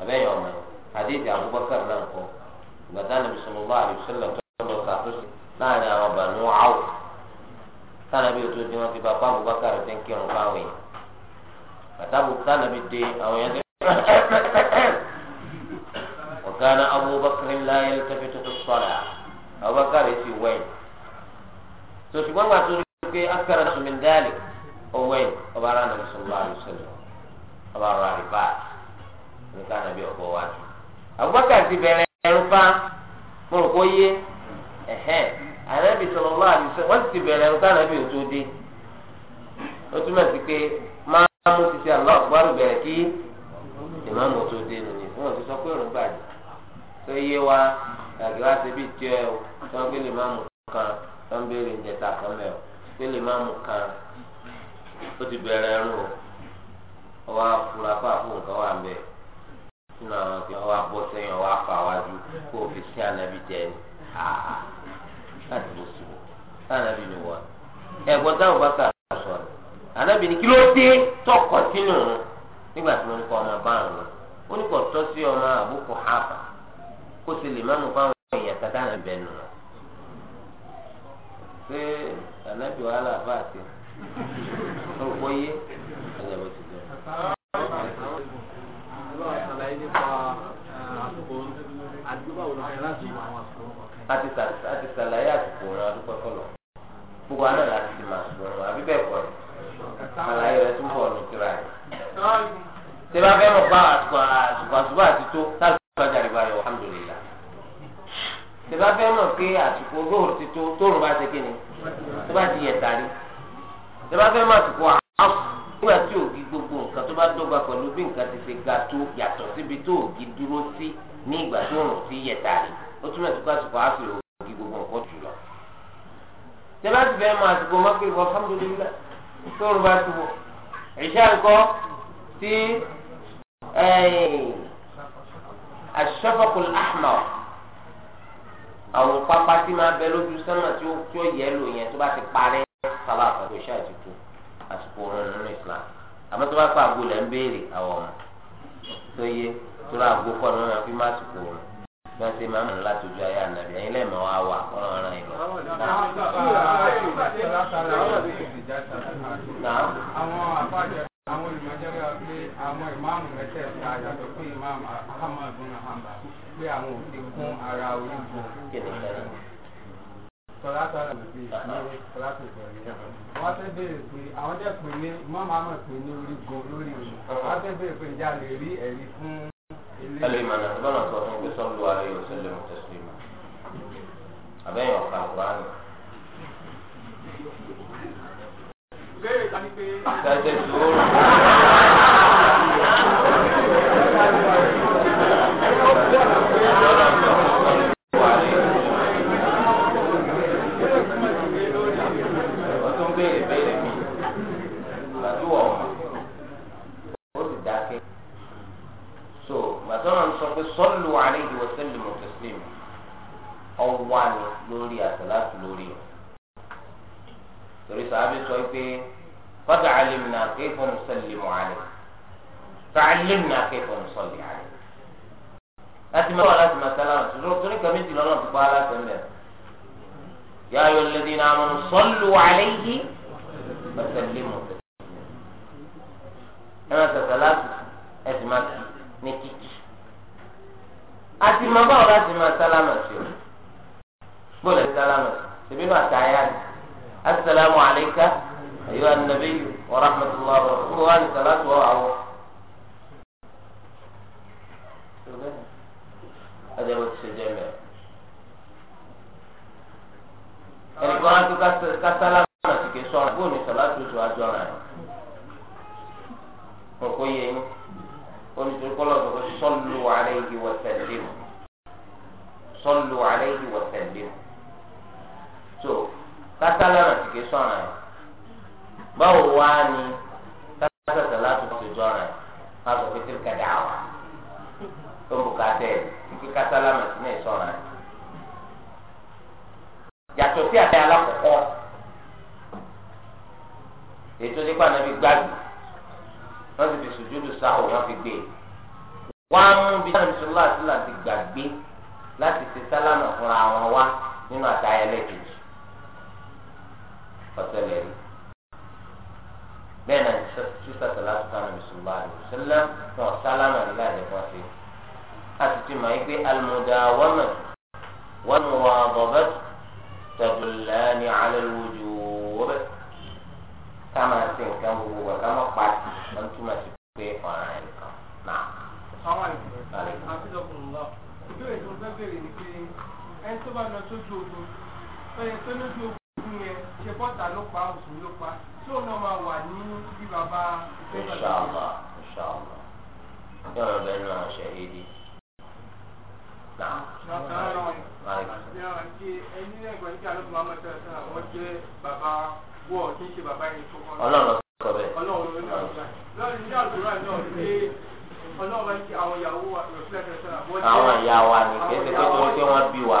abẹ́yẹn ọmọ àdéhìí Abubakar náà kọ́ ìgbàdá níbi sọlọ́lá àdìsọ́lá tó lọ sàtúnṣe láàrin àwọn Banu Awf sànàbí o tó di wọn ti bá bá Abubakar tó ń kírun fáwọn èèyàn bàtàbù sànàbí dé àwọn èèyàn tó ọ̀gáná (coughs) Abubakar la yaltafitu fi sọ́lá Abubakar ti wẹ̀yìn sọ̀tùgbọ́n gbà tó rí pé akara sùnmí dáàlì ọ̀wẹ̀yìn ọba ara sọlọ́lá àdìsọ́lá ọba ọ̀rọ̀ àrífà nípa nàbí ọ̀gbọ́ wa. Abubakar ti bẹ̀rẹ̀ ẹrúfá mo rò kó yé ẹ̀hẹ́n ànábì sọ̀rọ̀ wá àbí sọ wọ́n ti bẹ̀rẹ̀ ẹrúfá nàbí òtó dé. Ó túmọ̀ sí pé máa mú ti àlọ́ àkùbárù bẹ̀rẹ̀ kí ìmáàmù dé nù ní pé òrùn yé wa àgbẹ̀ wá ṣe bí o tí wọ́n máàmù kan tó ń béèrè ọwọ́ afura kó nǹkan wà mbẹ nínú àwọn fi ọwọ́ abọ́ sẹ́yìn ọwọ́ afa wájú kó o fi sí ànábì jẹ ní àhà láti lọ sí wọ ànábì ni wọ́n. ẹ̀gbọ́n táwọn bá kà sọ ni ànábì ni kí ló dé tọkọ sínú òun nígbà tí mo ní ọmọ bá òun lọ ó ní kò tọ́ sí ọmọ àbúkù kó o sì lè má mú fáwọn èèyàn kàtà náà nù wọn. ṣé wàhálà bá yé bó ti àti àti sàlàyé àsìkò ọ̀rọ̀ adúpẹ́ kọlọ̀ gbogbo àná láti ti máa sọ̀rọ̀ àbí bẹ́ẹ̀ kọ́ ni àlàyé rẹ̀ tún bọ̀ ní kíra rẹ̀. ṣé bá fẹ́ mọ̀ bá àsìkò àsìkò àti tó alhamdulillah. ṣé bá fẹ́ mọ̀ pé àsìkò róòrò ti tó tóòrò bá ṣe kíni tó bá ti yẹ tàrí. ṣé bá fẹ́ mọ̀ àsìkò àwọn nígbà tí òbí gbogbo nǹkan tó bá dọ́gba pẹ̀lú bí nǹkan ti ṣe ga tó yàtọ̀ síbi tó ògì dúró sí ní ìgbà tó rùn sí yẹ̀tà rẹ̀ ó túmọ̀ sí pásítọ̀ àfihàn ògì gbogbo nǹkan jù lọ. tẹ́lá ti fẹ́ mọ àsìkò mọ́kì wọ alhamdulillah tó rùn bá ti wọ. ìṣe nǹkan tí ash-shafaqul àwọn pápá tí máa bẹ lójú sánmà tí ó yẹ lò yẹn tó bá ti parẹ́ sábà àpapọ̀ ìṣe àmọ́ tó bá pa àgbo lẹ́ ń béèrè àwọn ọmọ tó yé tó rà àgbo kọ́ ni wọ́n máa fi má sùkò wọn bí wọ́n ṣe máa ń rìn láti ojú ayé ànábì ẹ̀yin lẹ́ẹ̀mọ́ wa wà ọ̀rọ̀ ọ̀rọ̀ yìí lọ. béèrè ìjà lè rí ẹ̀rí fún yẹn rí bẹ́ẹ̀ náà sísá sàlátù kan nàbì sùnbà àlù sílẹ̀ náà sálámà nílà nìkan sí a sì ti mọ̀ yí pé al-mudawamah wal-muwadabah tadullani ala al-wujub ká máa ṣe nǹkan gbogbo wa ká má pàtì wọ́n túmọ̀ sí pé ọ̀ràn ẹ̀ kan náà. àwọn àìsàn àti ọkùnrin lọ ìbéèrè tó fẹ́ bèèrè ni pé ẹni tó bá lọ sójú ogun ẹni tó lójú ogun ní ẹ ṣe bọ́tà ló pa òsùn ló pa tí òun náà máa wà ní bí bàbá ìfẹ́ bàbá. inṣàlá yọ̀rọ̀ bẹ́ẹ̀ ni wọ́n ṣe é dé. Ọlọ́run sọ bẹ́ẹ̀. Àwọn ìyá wa ni kí ẹ ti pé torí pé wọ́n bí wa.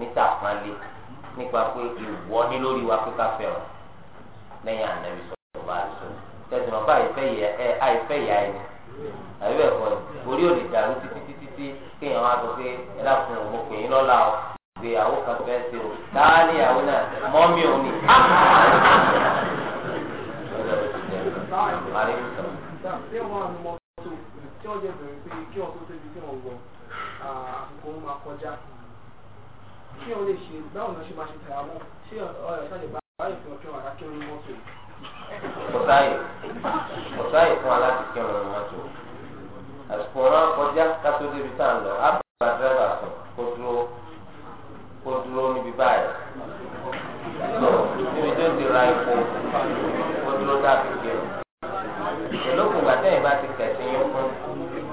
níta pánlé nípa pé ìwọ ní lórí wa pé ká fẹ́ràn lẹ́yìn ànábi sọ̀rọ̀ bá a sọ tẹ̀sán ọba àìfẹ́ ìyá ẹni àbí bẹ́ẹ̀ kọ́ orí ò lè dàrú títí títí tí kéèyàn wá sọ pé ẹ dákun òun mo pè yín lọ́la o ìgbéyàwó kan fẹ́ ṣe o táàlì ìyàwó náà mọ́mí òun ni. Tí wọ́n jẹ́ bẹ̀rẹ̀ pé kí ọ̀tún tẹ́bi tí wọ́n wọ̀ àkókò máa kọjá kí wọ́n lè ṣe báwọn náà ṣe máa ṣe tàyà mọ́ ṣé ọ̀rẹ́ ṣáà lè bá báyìí fún ọkẹ́ wọn alákẹ́ orí mọ́tò. kò sáyè fún alákẹ́ orí mọ́tò àsìkò wọn kọjá kátó débi tá à ń lọ á bá dírẹ́bà sùn kó dúró kó dúró níbi báyìí níbi tó ti ra epo kó dúró dábì kí o ìlókùn gbà tẹ́yìn bá ti kẹ̀sí yín fún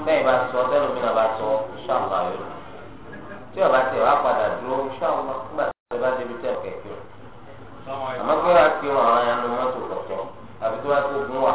tẹ́yìn bá sọ tẹ́lómìnà bá sọ ṣàlàyé tí ọba tẹ wá padà dúró ṣáà wọn nígbà tí ọba débi tẹ kẹkẹ àmọ́ pé wàá kí wọn àwọn ẹnu mọ́tò kọ̀tọ̀ àbí tí wàá tó gún wà.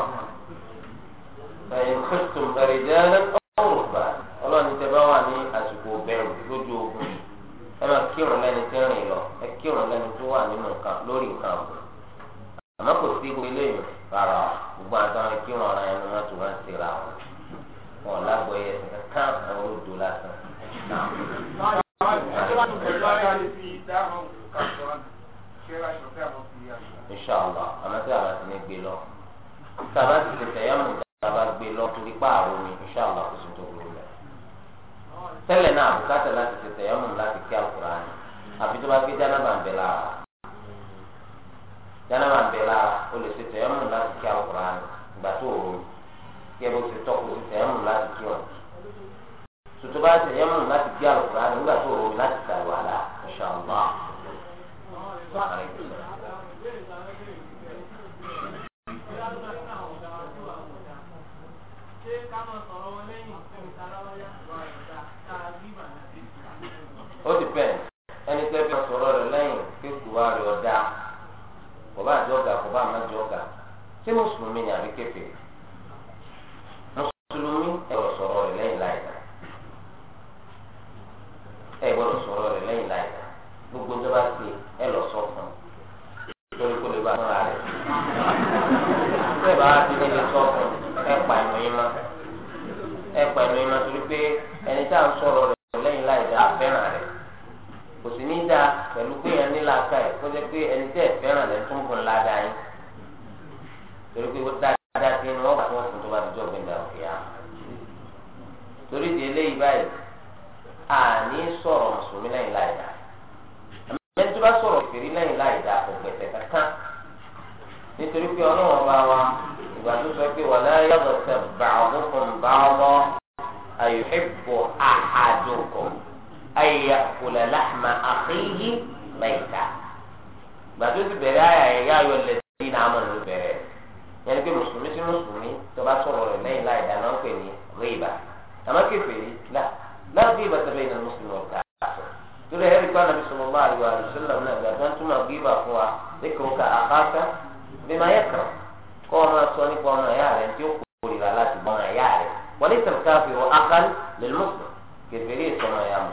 kọ́ máa yá mu.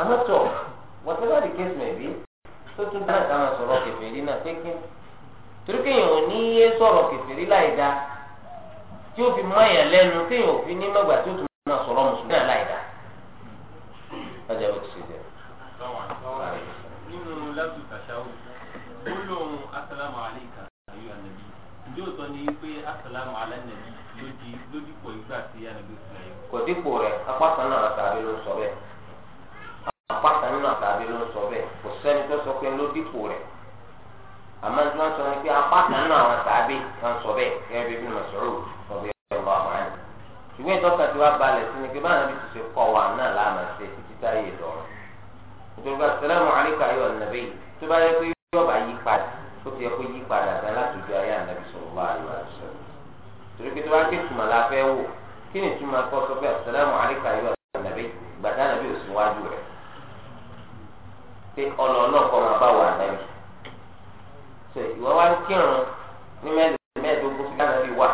àmọ́ tọ̀ whatever the case may be tó tún dáná ká máa sọ̀rọ̀ kẹfìrí náà pékin torí kéèyàn ò ní yé sọ̀rọ̀ kẹfìrí láì dá tí ó fi mọ́ èèyàn lẹ́nu kéèyàn ò fi ní mọ́gbà tí ó tún máa sọ̀rọ̀ mùsùlùmí náà láì dá. ọjà bó ti ṣe jẹ. nínú lábùú tàṣàwù ó lóun asalaamu aleykum ayé anabi ǹjẹ́ òótọ́ ni pé asalaamu alanabi ló di lódìpọ̀ ìgbà tí anabi sọ kò dípò rẹ̀ apáta náà tàbí ló sọ bẹ́ẹ̀ apáta náà tàbí ló sọ bẹ́ẹ̀ kò sẹ́ni tó sọ pé ló dípò rẹ̀ àmọ́ tí wọ́n sọ pé apáta náà àwọn tàbí wọ́n sọ bẹ́ẹ̀ gẹ́gẹ́ bí bímọ sọ̀rọ̀ ọ̀bẹ ọ̀bẹ àwọn àná ṣùgbọ́n ìtọ́ka tí wàá balẹ̀ sí ni pé báwọn bí ṣiṣẹ́ kọ́ wa náà láàmà ṣe títí táyé dọ̀rọ̀ nítorí pé sẹlẹ̀mù àríkà yóò nàbẹ́ tó bá yẹ pé yóò yí padà ó ti yẹ kó yí padà dá látòjú ayé ànábì sọ̀rọ̀ wá àlùfáà sọ̀rọ̀ torí pé tó bá ké tùmọ̀ la fẹ́ wò kí ni ìtumọ̀ akọ́ sọ pé asalaamu alayka ayé wa nàbí gbàtà nàbí ò síwájú rẹ̀ pé ọ̀nà náà kọ́ máa bá wà nàbí ṣe ìwọ wá ń kírun ní mẹ́ẹ̀ẹ́dógún wà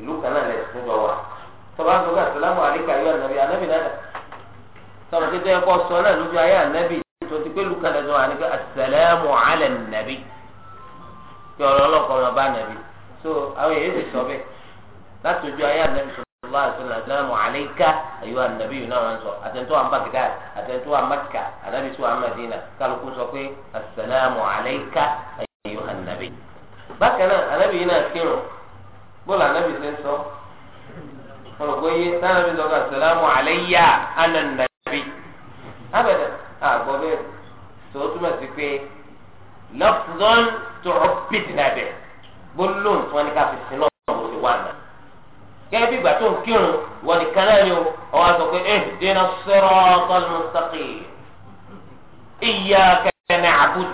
ìlú kan náà tó wà ń sọ pé asalaamu wa nàbí náà sọ̀rọ̀ títí ala máa so àwọn èyí ti sọ bẹ́ẹ̀ láti ojú ayé sọ sallallahu alaihi wasallam assalamu alayka ayyuha an-nabiyyu náà wọn sọ àtẹnudọ àwọn baghdad àtẹnudọ àwọn makka anabi sọ àwọn madina kálukú sọ pé assalamu alayka ayyuha an-nabiyyu. bákan náà anabi yìí náà kírun bọ́ọ̀lù anabi ṣe ń sọ wọn kò yé sanabi sọ pé assalamu alayya ana an-nabiy. abẹ́dẹ̀ àgbọ̀ bẹ́ẹ̀ tó túmọ̀ sí pé lọ́fùdọ́n tó rọ́bìtì náà bẹ̀ gbólóhùn tí wọ́n ní ká fi sin náà wọ́n ti wà náà gẹ́gẹ́ bí ìgbà tó ń kírun wọ́n nìkan náà ni ọ wá sọ pé ẹ̀ eh, dènà siratal mustaqim iyyaka na'budu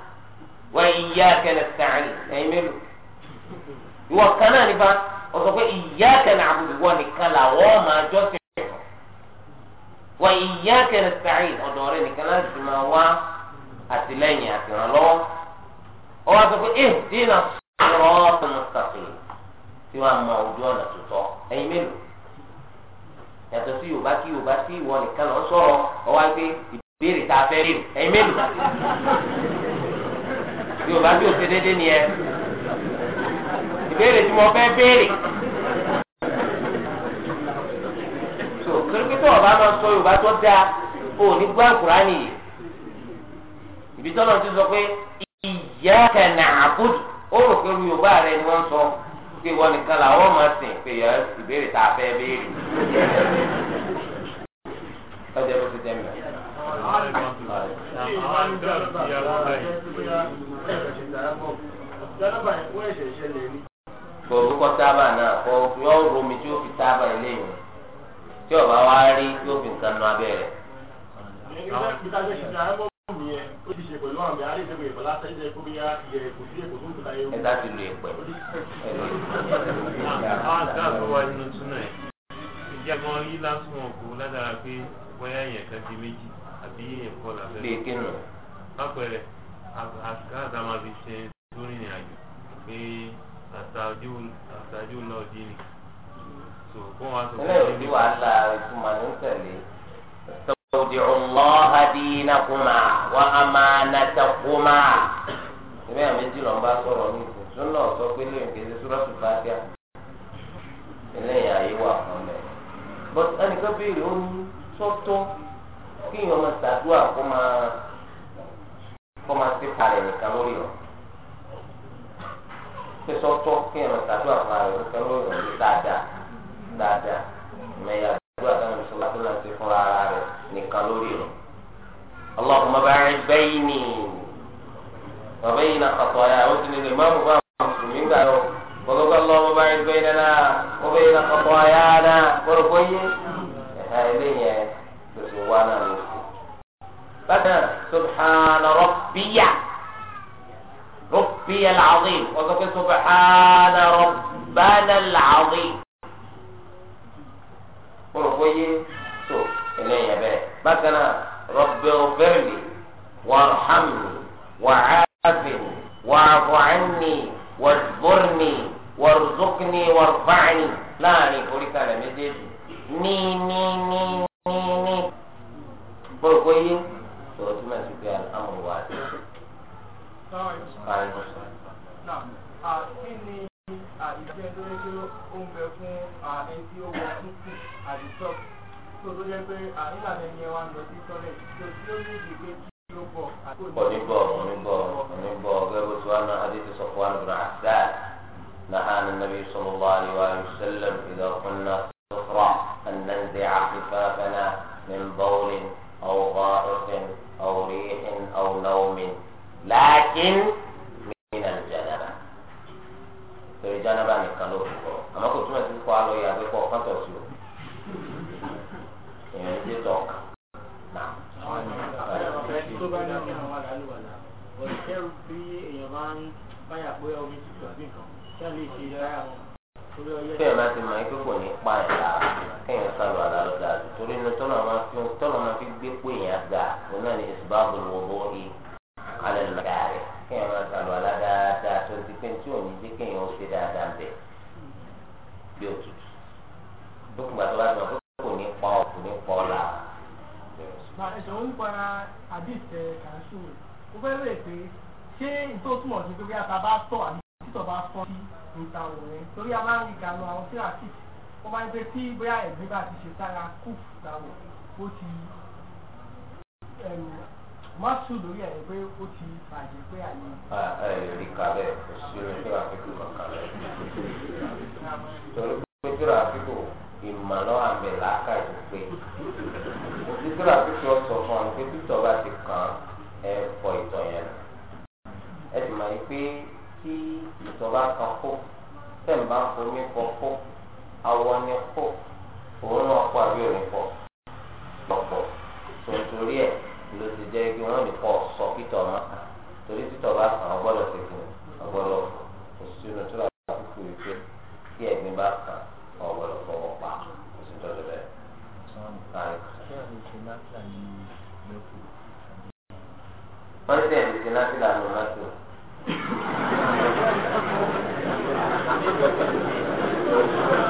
wa iyyaka nasta'in ẹ̀yin mélòó ìwọ kan náà nípa ọ sọ pé iyyaka na'budu wọ́n nìkan làwọ́ máa jọ́sìn wa iyyaka nasta'in ọ̀dọ̀ rẹ̀ nìkan náà sì máa wá àtìlẹ́yìn àtìrànlọ́wọ́ ọ wá sọ pé ẹ̀ dènà siratal mustaqim. tí wọ́n mọ ojú ọ̀nà tuntun ẹ̀yin mélòó yàtọ̀ sí yorùbá kí yorùbá sí ìwọ nìkan lọ sọ̀rọ̀ ọwọ́ àgbẹ̀ ìbéèrè tá a fẹ́ rí ẹ̀yin mélòó yorùbá bí o ṣe déédéé ni ẹ ìbéèrè tí mo fẹ́ béèrè. so kìrìkìtì ọba máa sọ yorùbá tó dáa o ní gbọ́ àkùrá nìyí ibi tọ́lọ̀ ti sọ pé ìyá kẹ̀ nà àbùdù ó rò pé yorùbá rẹ ni wọ́n sọ. pé wọn nìkan làwọn máa sìn pé yẹ ìbéèrè tá a fẹ́ béèrè. ọjọ́ bó ti jẹ́ mi. Orúkọ tábà náà kọ yọ romi tí ó fi tábà eléyìí tí ọba wa rí yóò fi nǹkan nu abẹ́ rẹ̀. Ẹ̀dá ti lu ìpẹ́ ẹ̀lò àwọn àgbààbọ̀ wà nínú túnà ẹ̀ ìjàgbọ́n rí lásán ọ̀gbọ̀n ládàra pé bóyá èèyàn kan di méjì àbí èèyàn kọ́ làbẹ́. bíi kí nù. lápẹẹrẹ àkáàtà máa fi ṣe lórí ìrìn àjò pé àtàjù náà dín ní. ẹlẹ́yìn tí wàhálà ìtumọ̀ ló ń tẹ̀lé. استودعوا الله دينكما وأمانتكما. ìbéèrè méjì ló bá sọ̀rọ̀ nípa lọ́nà ọ̀sọ́ pé lóyún kejì sọ́dọ̀tù bá dá eléyà ayé wà fún mi. but ẹnìkan béèrè ó ní sọ́tọ́ kí èèyàn máa ṣàdúrà kó máa kó máa ṣe kalẹ̀ nìkan lórí ọ̀ ṣe sọ́tọ́ kí èèyàn máa ṣàdúrà fún ara rẹ̀ nìkan lórí ọ̀ ní dáadáa dáadáa mẹ́yà àdúrà táwọn ìṣòwò àti láti fún ara rẹ̀ nìkan lórí ọ̀. اللهم باعد بيني وبين خطاياي عذر الإمام mùsùlùmí gbà yọ kọlọ́kọ́ lọ́wọ́ bá ń gbé nínú ó bẹ́ yẹn kọ́kọ́ ayá náà kọ́rọ̀ kó yé ẹ̀ka ilé yẹn tó ti wá náà lọ sí. bákan subhana rabbiya rabbiya al-azim kọ́kọ́ pé subhana rabbana al-azim yé tó ilé yẹn bẹ́ẹ̀ bákan náà rabbi ghfirli warhamni wa'afini wa'fu anni wàzbọ́nì wàrúzọ́kìnì wàrúfàánì láàrin oríkàlẹ̀ méjèèjì ní ní ní ní ní gbọ́dọ̀ yé sọ̀rọ̀ tí màá ti gbé àmọ̀ wá sí. kí ni ìjẹ́ tó ní kí ó ń bẹ fún ẹni tí ó wọ tútù àdìsọ́ọ̀kì tó tó jẹ́ pé nígbà ẹni ẹ wá ń lọ sí tọ́lẹ̀ tó tí ó ní ìdí pé kí. ونبغى ونبغى ونبغى غير وسوانا حديث صفوان بن عسال نهانا النبي صلى الله عليه وآله وسلم إذا قلنا صفرا أن ننزع خفافنا من بول أو غائط أو ريح أو نوم لكن من الجنبة في jánaba nìkan ló fi kọ àmọ́ kò túmọ̀ sí kó a lọ yẹ àgbẹ̀kọ pátọ̀ sí o bá ní kí àwọn ará ló wà náà ọ̀rẹ́ tẹ́rù bí èèyàn bá ń báyà pé omi tútù àbí nǹkan tí wọ́n lè ṣe rárá wọn. kéèyàn bá ti mọ ikú kò ní pa ẹ̀ la kéèyàn sálọ àlá ló torí inú tọ́lọ̀ máa fi tọ́lọ̀ máa fi gbé pé èèyàn ga òun náà ní ìṣùbà gbòòrò wọ́ọ́ yìí alẹ́ lọ́dà rẹ̀ kéèyàn máa sálọ àlá tó ti pé tí òun jẹ́ kéèyàn ó ṣe dáadáa bẹ̀ bí òtútù. dókùnbà tó bá ti mọ kó kò ní pa ọ̀ kò ní pa ọ̀ la na ẹ̀sọ̀ ń para àdìsẹ̀ kàṣù ó fẹ́ lè pé ṣé ìtò túmọ̀ sí pé bí a bá tọ̀ àbí títọ̀ bá fọ́ sí níta òun torí a máa ń rí ìkànnì àwọn tí àti ó máa ń pẹ́ tí bóyá ẹ̀gbẹ́ bá ti ṣe sára kúfù làwọ̀ ó ti mọ́sù lórí ẹ̀ pé ó ti bàjẹ́ pé àyè. ẹ ẹ rí kalẹ̀ kò sí orí tí wàá fi kú kàn kalẹ̀ torí pé tí wàá fi kú ìmọ̀lọ́ àmì làákà yìí pé títúrà títí ó sọ fún ọ pé títọ́ bá ti kàn ẹ fọ ìtọ̀ yẹn ẹ sì máa ń pé tí ìtọ̀ bá kan kó tẹ̀m bá ń fomi fọ kó awọ ni kó òun náà kó àbí òun fọ lọ́pọ̀ tòǹtòrí ẹ̀ ló ti jẹ́ ibi wọn lè kọ́ sọ títọ̀ mọ́ torí títọ̀ bá kàn ọ gbọ́dọ̀ tètè ọ gbọ́dọ̀ kò sínú tó rà ọ̀gbọ́dọ̀ fọwọ́ pa oṣù tọ́jú bẹ́ẹ̀. wọ́n ní sẹ́yìn ti náà sílẹ̀ àná náà tó. Thank you.